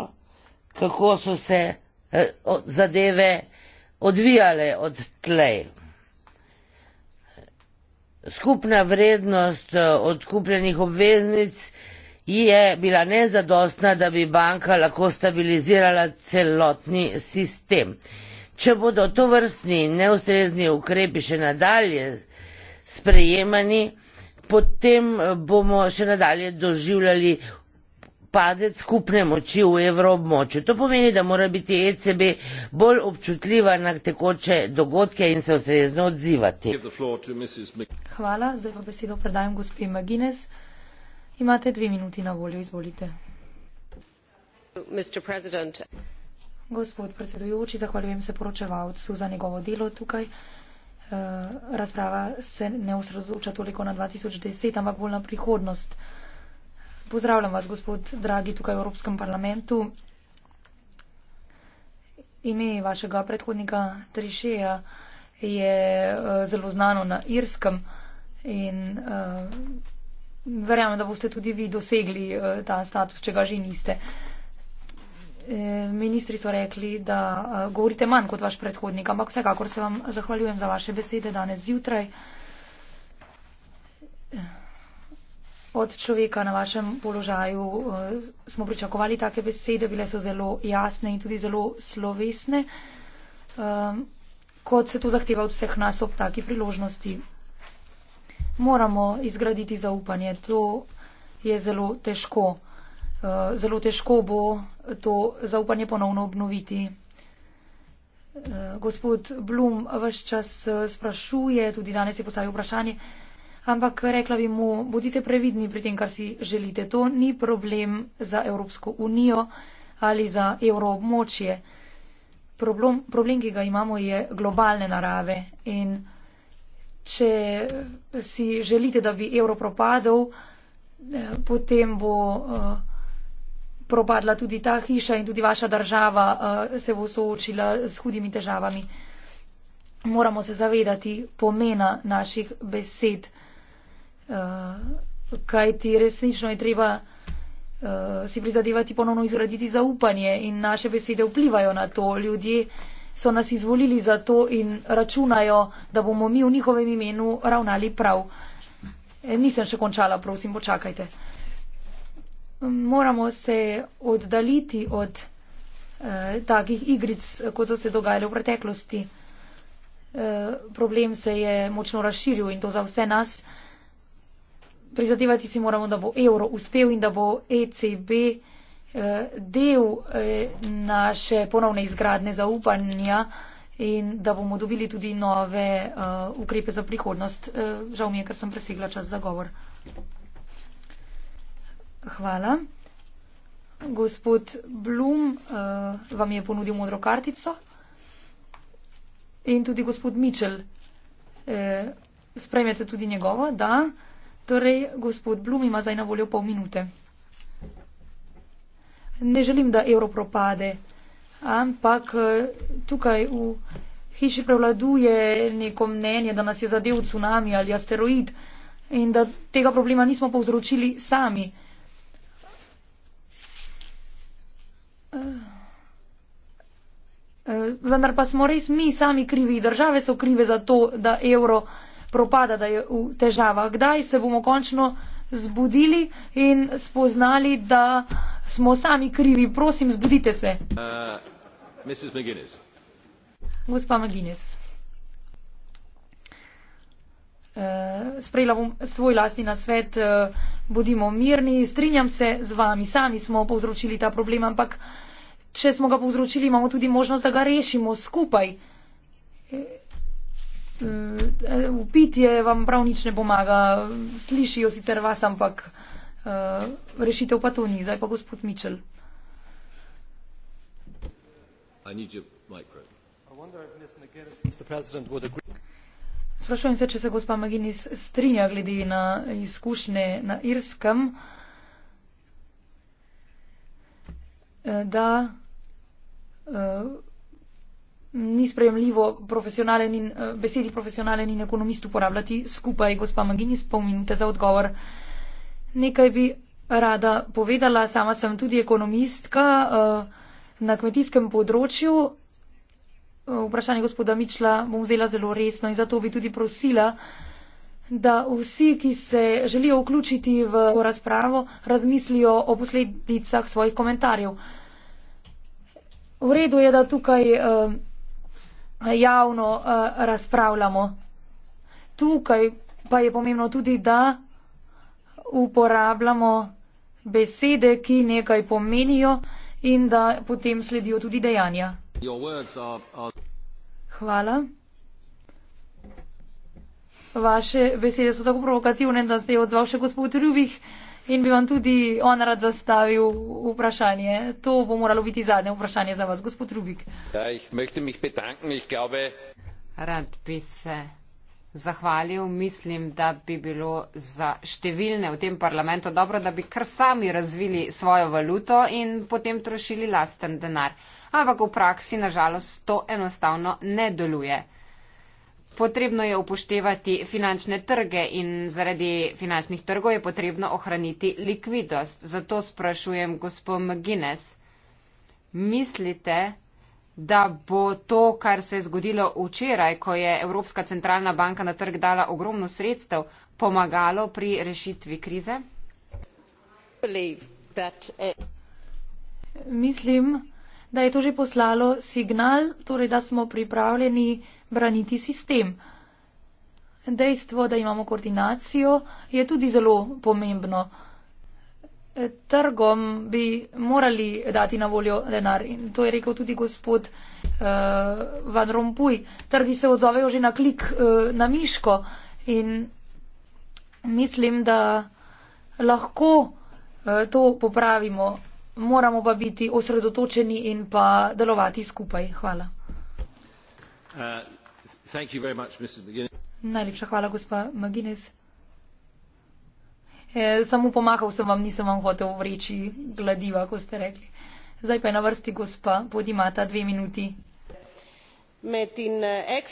kako so se eh, zadeve odvijale od tlej. Skupna vrednost eh, odkupljenih obveznic je bila nezadostna, da bi banka lahko stabilizirala celotni sistem. Če bodo to vrstni neustrezni ukrepi še nadalje sprejemani, potem bomo še nadalje doživljali padec skupne moči v evroobmočju. To pomeni, da mora biti ECB bolj občutljiva na tekoče dogodke in se ustrezno odzivati. Hvala, zdaj pa besedo predajam gospe Magines. Imate dve minuti na voljo, izvolite. Gospod predsedujoči, zahvaljujem se poročevalcu za njegovo delo tukaj. Eh, razprava se ne osredotoča toliko na 2010, ampak bolj na prihodnost pozdravljam vas, gospod Dragi, tukaj v Evropskem parlamentu. Ime vašega predhodnika Trišeja je uh, zelo znano na irskem in uh, verjamem, da boste tudi vi dosegli uh, ta status, če ga že niste. Ministri so rekli, da govorite manj kot vaš predhodnik, ampak vsekakor se vam zahvaljujem za vaše besede danes zjutraj od človeka na vašem položaju eh, smo pričakovali take besede, bile so zelo jasne in tudi zelo slovesne, ehm, kot se to zahteva od vseh nas ob taki priložnosti. Moramo izgraditi zaupanje, to je zelo težko. Eh, zelo težko bo to zaupanje ponovno obnoviti. Eh, gospod Blum vse čas sprašuje, tudi danes je postavil vprašanje, Ampak rekla bi mu, bodite previdni pri tem, kar si želite. To ni problem za Evropsko unijo ali za evroobmočje. Problem, problem, ki ga imamo, je globalne narave. In če si želite, da bi evro propadel, eh, potem bo eh, propadla tudi ta hiša in tudi vaša država eh, se bo soočila s hudimi težavami. Moramo se zavedati pomena naših besed. Eh, kaj ti resnično je treba uh, si prizadevati ponovno izraditi zaupanje in naše besede vplivajo na to. Ljudje so nas izvolili za to in računajo, da bomo mi v njihovem imenu ravnali prav. Eh, nisem še končala, prosim, počakajte. Moramo se oddaliti od eh, takih igric, kot so se dogajale v preteklosti. Eh, problem se je močno razširil in to za vse nas prizadevati si moramo, da bo evro uspel in da bo ECB eh, del eh, naše ponovne izgradne zaupanja in da bomo dobili tudi nove eh, ukrepe za prihodnost. Žal mi je, ker sem presegla čas za govor. Hvala. Gospod Blum vam je ponudil modro kartico in tudi gospod Mičel. Spremljate tudi njegovo, da. Torej, gospod Blum ima zdaj na voljo pol minute. Ne želim, da evro propade, ampak eh, tukaj v hiši prevladuje neko mnenje, da nas je zadev tsunami ali asteroid in da tega problema nismo povzročili sami. Eh, eh, vendar pa smo res mi sami krivi, države so krive za to, da evro propada, da je v težavah. Kdaj se bomo končno zbudili in spoznali, da smo sami krivi? Prosim, zbudite se. Uh, McGinnis. Gospa McGuinness. Uh, sprejela bom svoj lastni nasvet, uh, bodimo mirni, strinjam se z vami, sami smo povzročili ta problem, ampak če smo ga povzročili, imamo tudi možnost, da ga rešimo skupaj. Uh, upitje vam prav nič ne pomaga, slišijo sicer vas, ampak uh, rešitev pa to ni. Zdaj pa gospod Mičel. Sprašujem se, če se gospa Maginis strinja glede na izkušnje na Irskem, eh, da uh, ni sprejemljivo profesionalen eh, in besedi profesionalen in ekonomist uporabljati skupaj. Gospa Magini, spominjte za odgovor. Nekaj bi rada povedala, sama sem tudi ekonomistka eh, na kmetijskem področju. Eh, vprašanje gospoda Mičla bom vzela zelo resno in zato bi tudi prosila, da vsi, ki se želijo vključiti v razpravo, razmislijo o posledicah svojih komentarjev. V redu je, da tukaj uh, javno eh, razpravljamo. Tukaj pa je pomembno tudi, da uporabljamo besede, ki nekaj pomenijo in da potem sledijo tudi dejanja. Hvala. Vaše besede so tako provokativne, da se je odzval še gospod Rubih in bi vam tudi on rad zastavil vprašanje. To bo moralo biti zadnje vprašanje za vas, gospod Rubik. Ja, glaube... Rad bi se zahvalil. Mislim, da bi bilo za številne v tem parlamentu dobro, da bi kar sami razvili svojo valuto in potem trošili lasten denar. Ampak v praksi, nažalost, to enostavno ne deluje. Potrebno je upoštevati finančne trge in zaradi finančnih trgov je potrebno ohraniti likvidnost. Zato sprašujem gospod McGuinness, mislite, da bo to, kar se je zgodilo včeraj, ko je Evropska centralna banka na trg dala ogromno sredstev, pomagalo pri rešitvi krize? Mislim, da je to že poslalo signal, torej da smo pripravljeni braniti sistem. Dejstvo, da imamo koordinacijo, je tudi zelo pomembno. Trgom bi morali dati na voljo denar in to je rekel tudi gospod uh, Van Rompuy. Trgi se odzovejo že na klik uh, na miško in mislim, da lahko uh, to popravimo. Moramo pa biti osredotočeni in pa delovati skupaj. Hvala. Uh. Najlepša hvala, gospa Maginis. E, samo pomahal sem vam, nisem vam hotel vreči gladiva, ko ste rekli. Zdaj pa je na vrsti gospa Podimata, dve minuti. E,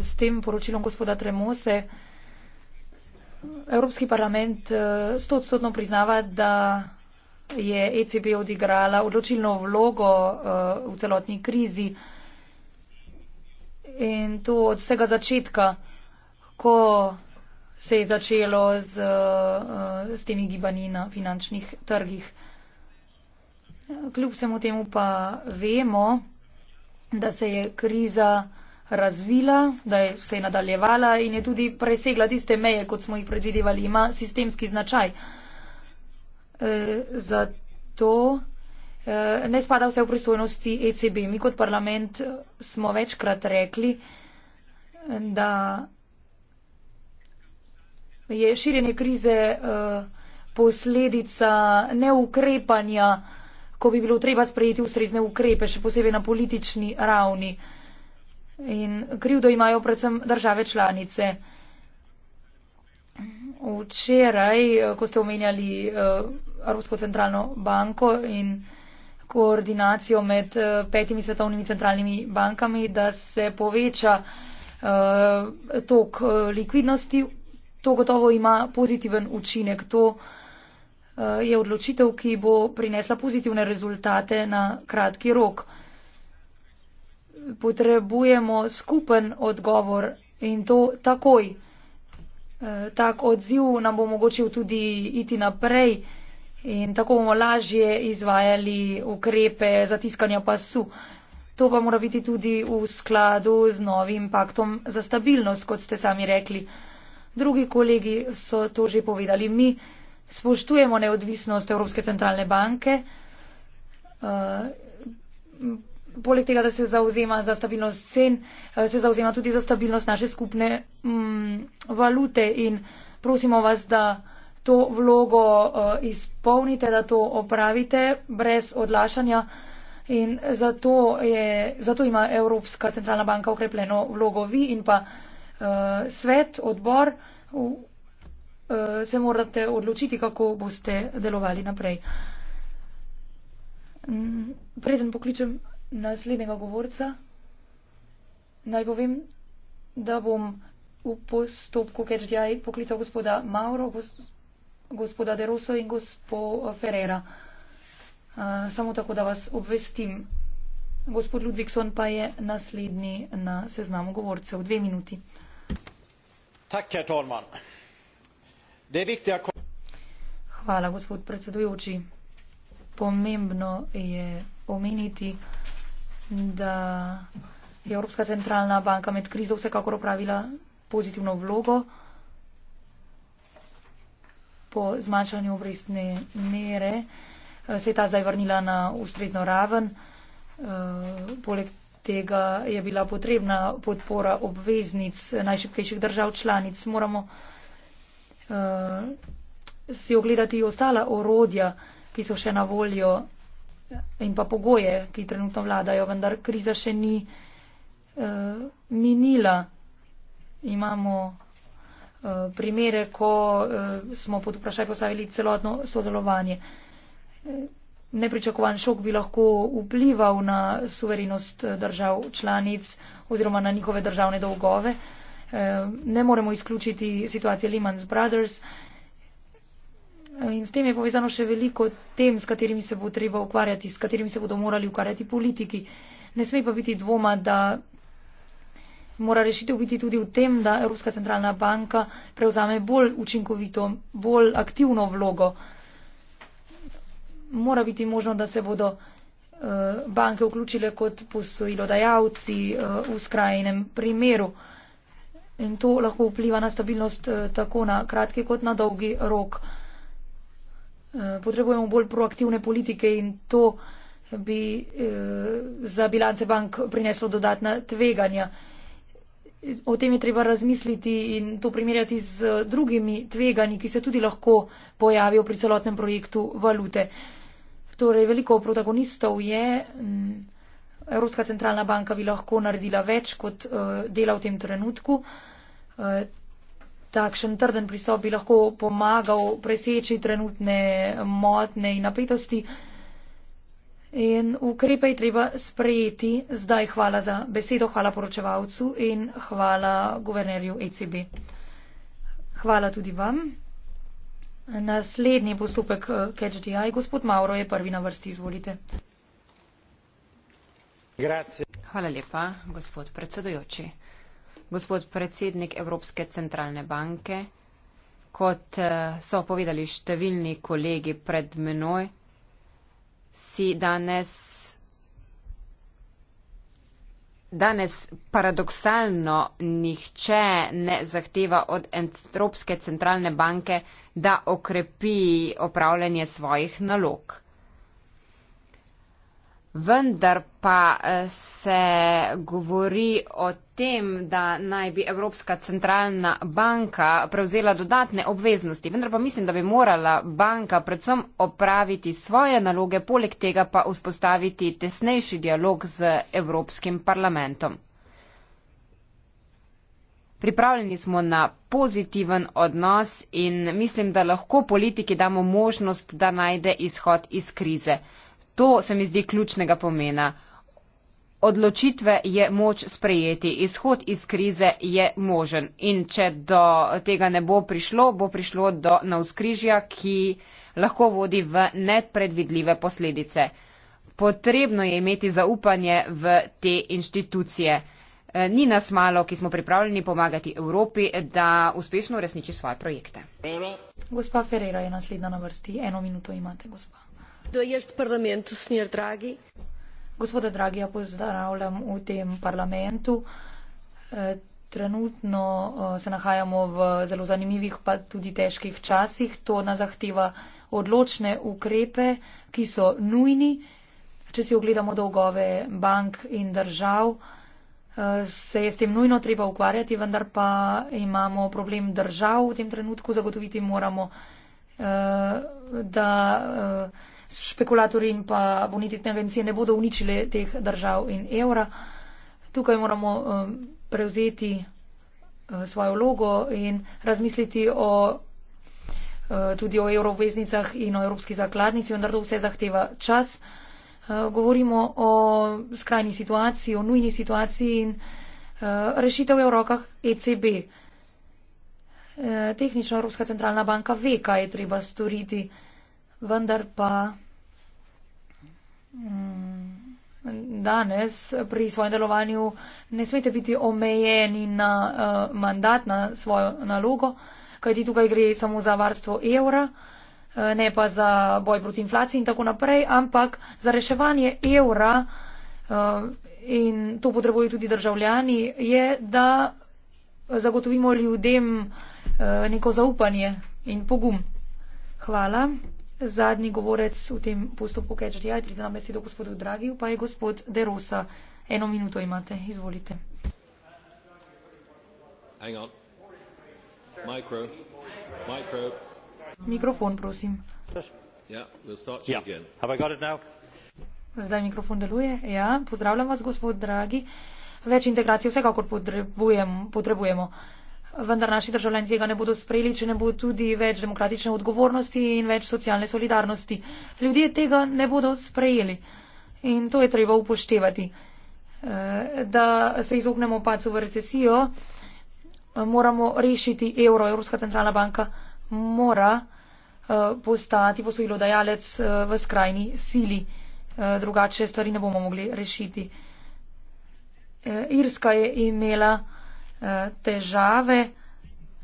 S tem poročilom gospoda Tremose Evropski parlament e, stotstotno priznava, da je ECB odigrala odločilno vlogo e, v celotni krizi. In to od vsega začetka, ko se je začelo z, z eh, temi gibanji na finančnih trgih. Kljub vsemu temu pa vemo, da se je kriza razvila, da je se je nadaljevala in je tudi presegla tiste meje, kot smo jih predvidevali, ima sistemski značaj. E, zato Eh, ne spada vse v pristojnosti ECB. Mi kot parlament eh, smo večkrat rekli, da je širjenje krize eh, posledica neukrepanja, ko bi bilo treba sprejeti ustrezne ukrepe, še posebej na politični ravni. In krivdo imajo predvsem države članice. Včeraj, ko ste omenjali Evropsko centralno banko in koordinacijo med eh, petimi svetovnimi centralnimi bankami, da se poveča eh, tok eh, likvidnosti. To gotovo ima pozitiven učinek. To je odločitev, ki bo prinesla pozitivne rezultate na kratki rok. Potrebujemo skupen odgovor in to takoj. Tak odziv nam bo omogočil tudi iti naprej in tako bomo lažje izvajali ukrepe zatiskanja pasu. To pa mora biti tudi v skladu z novim paktom za stabilnost, kot ste sami rekli. Drugi kolegi so to že povedali. Mi spoštujemo neodvisnost Evropske centralne banke, uh, poleg tega, da se zauzema za stabilnost cen, uh, se zauzema tudi za stabilnost naše skupne mm, valute in prosimo vas, da to vlogo uh, izpolnite, da to opravite brez odlašanja. In zato, je, zato ima Evropska centralna banka ukrepljeno vlogo vi in pa uh, svet, odbor, uh, se morate odločiti, kako boste delovali naprej. Mm, preden pokličem naslednjega govorca, naj povem, da bom v postopku, ker je poklical gospoda Mauro, gospod gospoda De Rosso in gospo Ferrera. Uh, eh, samo tako, da vas obvestim. Gospod Ludvikson pa je naslednji na seznamu govorcev. Dve minuti. Tak, er Hvala, gospod predsedujoči. Pomembno je omeniti, da je Evropska centralna banka med krizo vsekakor opravila pozitivno vlogo po zmanjšanju obrestne mere eh, se je ta zdaj vrnila na ustrezno raven. Eh, poleg tega je bila potrebna podpora obveznic najšipkejših držav članic. Moramo eh, si ogledati ostala orodja, ki so še na voljo in pa pogoje, ki trenutno vladajo, vendar kriza še ni minila. Imamo Eh, primere, ko eh, smo pod vprašaj postavili celotno sodelovanje. Eh, nepričakovan šok bi lahko vplival na suverenost držav članic oziroma na njihove državne dolgove. Ne moremo izključiti situacije Lehman Brothers. In s tem je povezano še veliko tem, s katerimi se bo treba ukvarjati, s katerimi se bodo morali ukvarjati politiki. Ne sme pa biti dvoma, da mora rešitev biti tudi v tem, da Evropska centralna banka prevzame bolj učinkovito, bolj aktivno vlogo. Mora biti možno, da se bodo eh, banke vključile kot posojilodajalci eh, v skrajnem primeru. In to lahko vpliva na stabilnost eh, tako na kratki kot na dolgi rok. Potrebujemo bolj proaktivne politike in to bi za bilance bank prineslo dodatna tveganja o tem je treba razmisliti in to primerjati z drugimi tveganji, ki se tudi lahko pojavijo pri celotnem projektu valute. Torej, veliko protagonistov je. Evropska centralna banka bi lahko naredila več, kot eh, dela v tem trenutku. Eh, takšen trden pristop bi lahko pomagal preseči trenutne motne in napetosti. In ukrepe je treba sprejeti. Zdaj hvala za besedo, hvala poročevalcu in hvala guvernerju ECB. Hvala tudi vam. Naslednji postopek eh, CatchDI. Gospod Mauro je prvi na vrsti. Izvolite. Grazie. Hvala lepa, gospod predsedujoči. Gospod predsednik Evropske centralne banke, kot eh, so povedali številni kolegi pred menoj, si danes, danes paradoksalno nihče ne zahteva od Evropske centralne banke, da okrepi opravljanje svojih nalog. Vendar pa eh, se govori o tem, da naj bi Evropska centralna banka prevzela dodatne obveznosti. Vendar pa mislim, da bi morala banka predvsem opraviti svoje naloge, poleg tega pa vzpostaviti tesnejši dialog z Evropskim parlamentom. Pripravljeni smo na pozitiven odnos in mislim, da lahko politiki damo možnost, da najde izhod iz krize. To se mi zdi ključnega pomena. Odločitve je moč sprejeti, izhod iz krize je možen in če do tega ne bo prišlo, bo prišlo do navskrižja, ki lahko vodi v nepredvidljive posledice. Potrebno je imeti zaupanje v te inštitucije. E, ni nas malo, ki smo pripravljeni pomagati Evropi, da uspešno uresniči svoje projekte. Gospa Ferrero je naslednja na vrsti. Eno minuto imate, gospa do este Parlamento, Sr. Draghi? Gospoda Dragija pozdravljam v tem parlamentu. Eh, trenutno eh, se nahajamo v zelo zanimivih, pa tudi težkih časih. To nas zahteva odločne ukrepe, ki so nujni. Če si ogledamo dolgove bank in držav, eh, se je s tem nujno treba ukvarjati, vendar pa imamo problem držav v tem trenutku. Zagotoviti moramo, da špekulatorji in pa bonitetne agencije ne bodo uničile teh držav in evra. Tukaj moramo um, prevzeti uh, svojo vlogo in razmisliti o, uh, tudi o evrobeznicah in o evropski zakladnici, vendar to vse zahteva čas. Uh, govorimo o skrajni situaciji, o nujni situaciji in rešitev je v rokah ECB. Tehnično Evropska centralna banka ve, kaj je treba storiti vendar pa mm, danes pri svojem delovanju ne smete biti omejeni na eh, mandat, na svojo nalogo, kajti tukaj gre samo za varstvo evra, eh, ne pa za boj proti inflaciji in tako naprej, ampak za reševanje evra eh, in to potrebujo tudi državljani, je, da zagotovimo ljudem neko zaupanje in pogum. Hvala. Zadnji govorec v tem postopku KHDI pride na besedo gospodu Dragiju, pa je gospod De Rosa. Eno minuto imate, izvolite. Micro. Micro. Mikrofon, prosim. Yeah, we'll yeah. Zdaj mikrofon deluje. Ja, pozdravljam vas, gospod Dragi. Več integracije vsekakor potrebujemo. potrebujemo vendar naši državljani tega ne bodo sprejeli, če ne bo tudi več demokratične odgovornosti in več socialne solidarnosti. Ljudje tega ne bodo sprejeli in to je treba upoštevati. Eh, da se izognemo pacu v recesijo, eh, moramo rešiti evro. Evropska centralna banka mora eh, postati posojilodajalec v skrajni sili, drugače stvari ne bomo mogli rešiti. Irska je imela Eh, težave,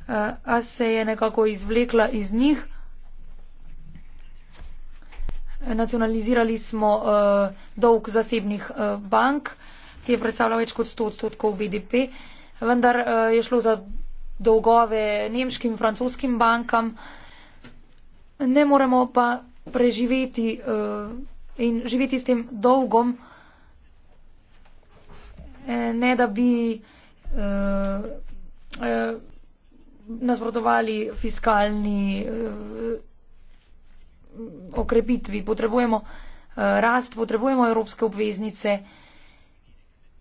eh, a se je nekako izvlekla iz njih. Nacionalizirali smo eh, dolg zasebnih bank, ki je predstavljal več kot 100 odstotkov BDP, vendar je šlo za dolgove nemškim, francoskim bankam. Ne moremo pa preživeti in živeti s tem dolgom, ne da bi Eh, eh, nasprotovali fiskalni eh, okrepitvi. Potrebujemo rast, potrebujemo evropske obveznice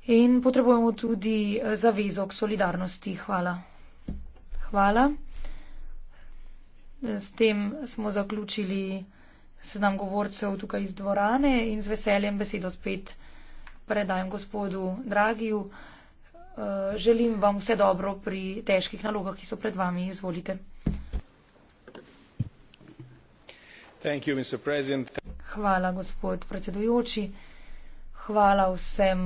in potrebujemo tudi zavezo k solidarnosti. Hvala. Hvala. S tem smo zaključili seznam govorcev tukaj iz dvorane in z veseljem besedo spet predajem gospodu Dragiju. Eh, želim vam vse dobro pri težkih nalogah, ki so pred vami. Izvolite. Hvala, gospod predsedujoči. Hvala vsem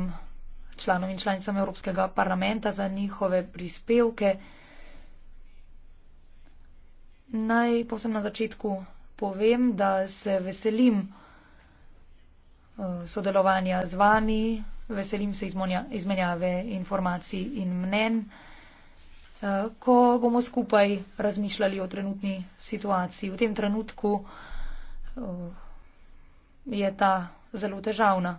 članom in članicam Evropskega parlamenta za njihove prispevke. Naj povsem na začetku povem, da se veselim eh, sodelovanja z vami, veselim se izmenjave informacij in mnen, eh, ko bomo skupaj razmišljali o trenutni situaciji. V tem trenutku eh, je ta zelo težavna.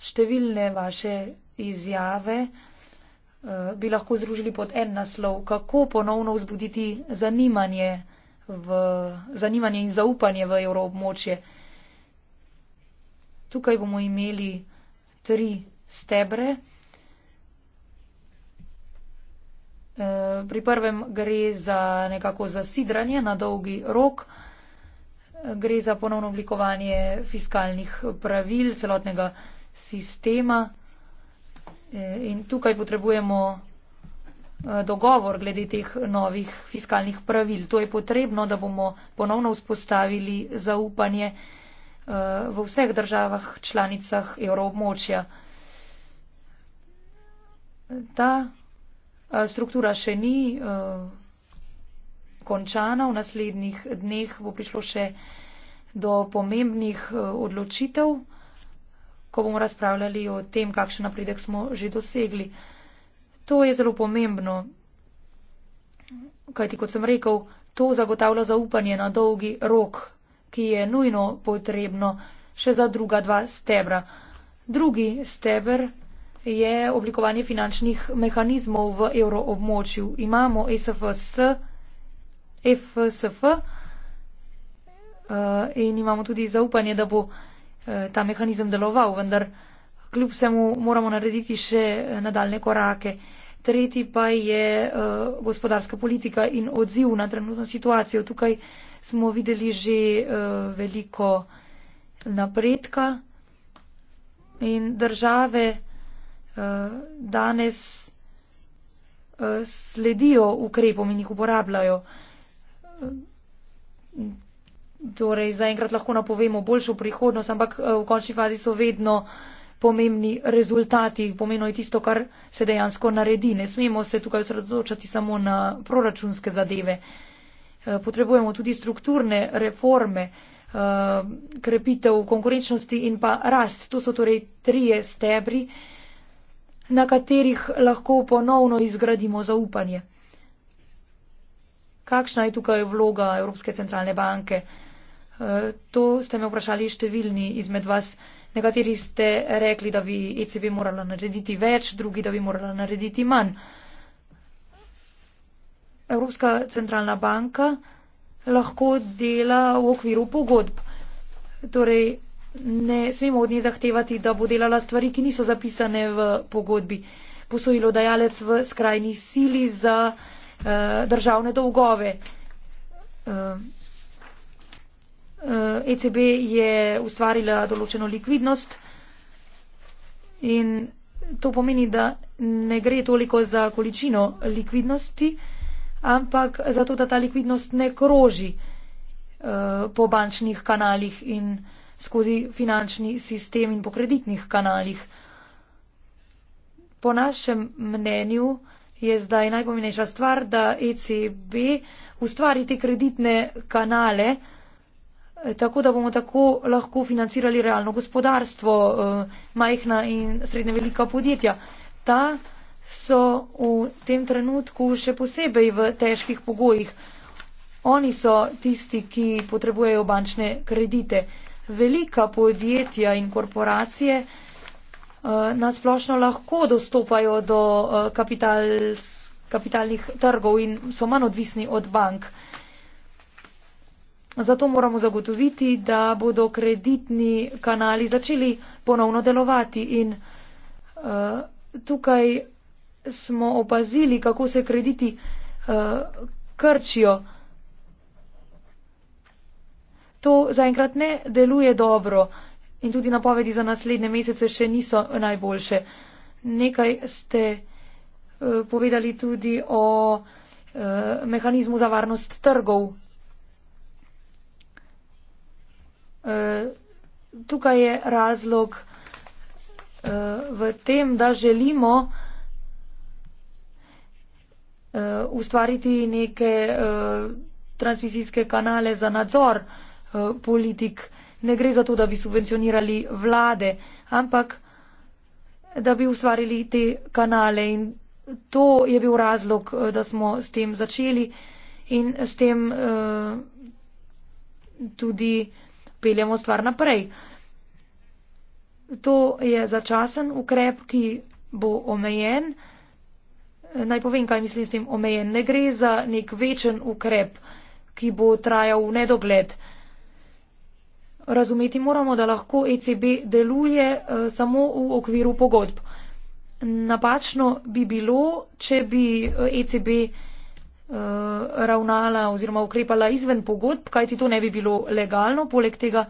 Številne vaše izjave eh, bi lahko združili pod en naslov, kako ponovno vzbuditi zanimanje, v, zanimanje in zaupanje v evroobmočje. Tukaj bomo imeli tri stebre. Pri prvem gre za nekako zasidranje na dolgi rok, gre za ponovno oblikovanje fiskalnih pravil celotnega sistema in tukaj potrebujemo eh, dogovor glede teh novih fiskalnih pravil. To je potrebno, da bomo ponovno vzpostavili zaupanje v vseh državah članicah evroobmočja. Ta eh, struktura še ni eh, končana, v naslednjih dneh bo prišlo še do pomembnih eh, odločitev, ko bomo razpravljali o tem, kakšen napredek smo že dosegli. To je zelo pomembno, kajti kot sem rekel, to zagotavlja zaupanje na dolgi rok ki je nujno potrebno še za druga dva stebra. Drugi steber je oblikovanje finančnih mehanizmov v evroobmočju. Imamo SFS, FSF eh, in imamo tudi zaupanje, da bo eh, ta mehanizem deloval, vendar kljub vsemu moramo narediti še eh, nadaljne korake. Tretji pa je gospodarska politika in odziv na trenutno situacijo. Tukaj smo videli že eh, veliko napredka in države eh, danes eh, sledijo ukrepom in jih uporabljajo. Torej, zaenkrat lahko napovemo boljšo prihodnost, ampak v končni fazi so vedno pomembni rezultati, pomeno je tisto, kar se dejansko naredi. Ne smemo se tukaj osredotočati samo na proračunske zadeve. Eh, potrebujemo tudi strukturne reforme, eh, krepitev konkurenčnosti in pa rast. To so torej trije stebri, na katerih lahko ponovno izgradimo zaupanje. Kakšna je tukaj vloga Evropske centralne banke? Eh, to ste me vprašali številni izmed vas. Nekateri ste rekli, da bi ECB morala narediti več, drugi, da bi morala narediti manj. Evropska centralna banka lahko dela v okviru pogodb. Torej, ne smemo od nje zahtevati, da bo delala stvari, ki niso zapisane v pogodbi. Posojilo dajalec v skrajni sili za uh, državne dolgove. Uh, eh, ECB eh, e je ustvarila določeno likvidnost in to pomeni, da ne gre toliko za količino likvidnosti. Uh, ampak zato, da ta likvidnost ne kroži eh, po bančnih kanalih in skozi finančni sistem in po kreditnih kanalih. Po našem mnenju je zdaj najpomenejša stvar, da ECB ustvari te kreditne kanale, eh, tako da bomo tako lahko financirali realno gospodarstvo, eh, majhna in srednje velika podjetja. Ta so v tem trenutku še posebej v težkih pogojih. Oni so tisti, ki potrebujejo bančne kredite. Velika podjetja in korporacije eh, nasplošno lahko dostopajo do eh, kapital, kapitalnih trgov in so manj odvisni od bank. Zato moramo zagotoviti, da bodo kreditni kanali začeli ponovno delovati in uh, tukaj smo opazili, kako se krediti uh, krčijo. To zaenkrat ne deluje dobro in tudi napovedi za naslednje mesece še niso najboljše. Nekaj ste uh, povedali tudi o uh, mehanizmu za varnost trgov. Uh, tukaj je razlog uh, v tem, da želimo, uh, uh, ustvariti neke uh, transmisijske kanale za nadzor uh, politik. Ne gre za to, da bi subvencionirali vlade, ampak da bi ustvarili te kanale. In to je bil razlog, uh, da smo s tem začeli in s tem uh, tudi peljemo stvar naprej. To je začasen ukrep, ki bo omejen. Uh, Naj povem, kaj mislim s tem omejen. Ne gre za nek večen ukrep, ki bo trajal v nedogled. Razumeti moramo, da lahko ECB deluje eh, samo v okviru pogodb. Napačno bi bilo, če bi ECB eh, e eh, ravnala oziroma ukrepala izven pogodb, kajti to ne bi bilo legalno, poleg tega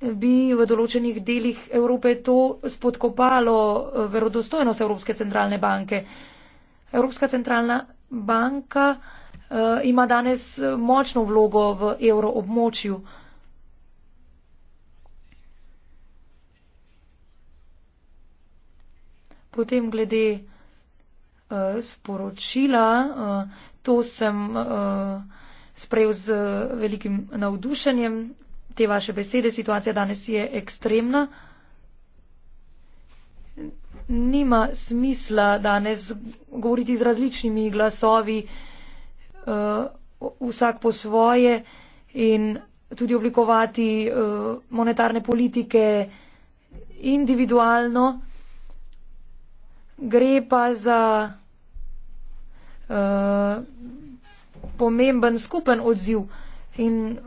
bi v določenih delih Evrope to spodkopalo eh, verodostojnost Evropske centralne banke. Evropska centralna banka uh, ima danes eh, močno vlogo v evroobmočju. Potem glede uh, sporočila, uh, to sem uh, sprejel z uh, velikim navdušenjem, te vaše besede, situacija danes je ekstremna. Nima smisla danes govoriti z različnimi glasovi, uh, vsak po svoje in tudi oblikovati uh, monetarne politike individualno. Gre pa za uh, pomemben skupen odziv in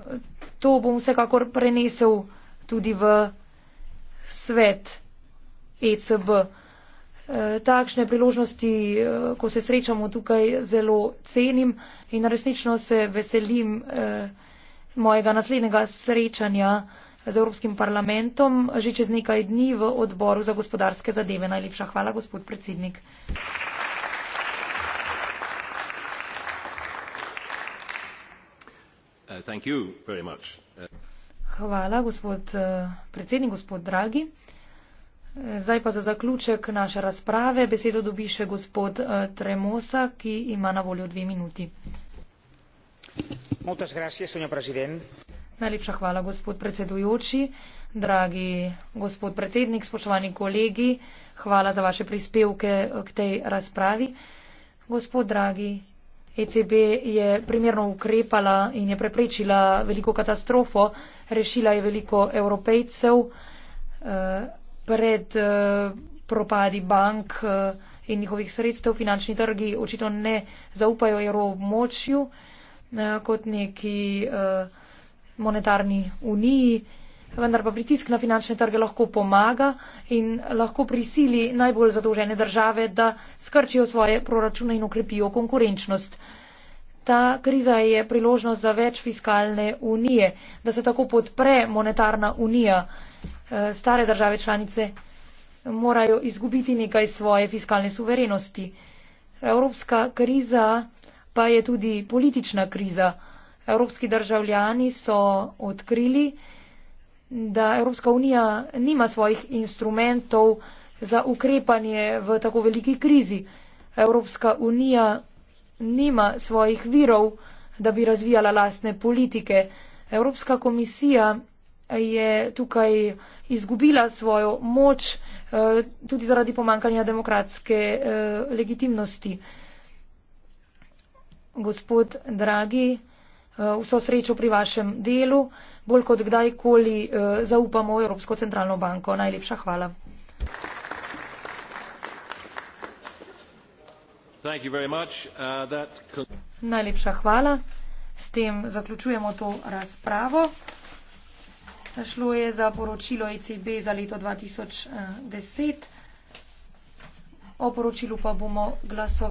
to bom vsekakor prenesel tudi v svet ECB. Eh, takšne priložnosti, eh, ko se srečamo tukaj, zelo cenim in resnično se veselim eh, mojega naslednjega srečanja z Evropskim parlamentom že čez nekaj dni v odboru za gospodarske zadeve. Najlepša hvala, gospod predsednik. Uh, uh, hvala, gospod uh, predsednik, gospod Dragi. Zdaj pa za zaključek naše razprave besedo dobi še gospod Tremosa, ki ima na voljo dve minuti. Gracias, Najlepša hvala, gospod predsedujoči. Dragi gospod predsednik, spoštovani kolegi, hvala za vaše prispevke k tej razpravi. Gospod Dragi, ECB je primerno ukrepala in je preprečila veliko katastrofo, rešila je veliko evropejcev eh, pred eh, propadi bank eh, in njihovih sredstev. Finančni trgi očitno ne zaupajo evromočju kot neki monetarni uniji vendar pa pritisk na finančne trge lahko pomaga in lahko prisili najbolj zadolžene države, da skrčijo svoje proračune in okrepijo konkurenčnost. Ta kriza je priložnost za več fiskalne unije, da se tako podpre monetarna unija. E, stare države članice morajo izgubiti nekaj svoje fiskalne suverenosti. Evropska kriza pa je tudi politična kriza. Evropski državljani so odkrili, da Evropska unija nima svojih instrumentov za ukrepanje v tako veliki krizi. Evropska unija nima svojih virov, da bi razvijala lastne politike. Evropska komisija je tukaj izgubila svojo moč eh, tudi zaradi pomankanja demokratske eh, legitimnosti. Gospod Dragi, eh, vso srečo pri vašem delu bolj kot kdajkoli eh, zaupamo Evropsko centralno banko. Najlepša hvala. Uh, that... Najlepša hvala. S tem zaključujemo to razpravo. Šlo je za poročilo ECB za leto 2010. Eh, o poročilu pa bomo glasovali.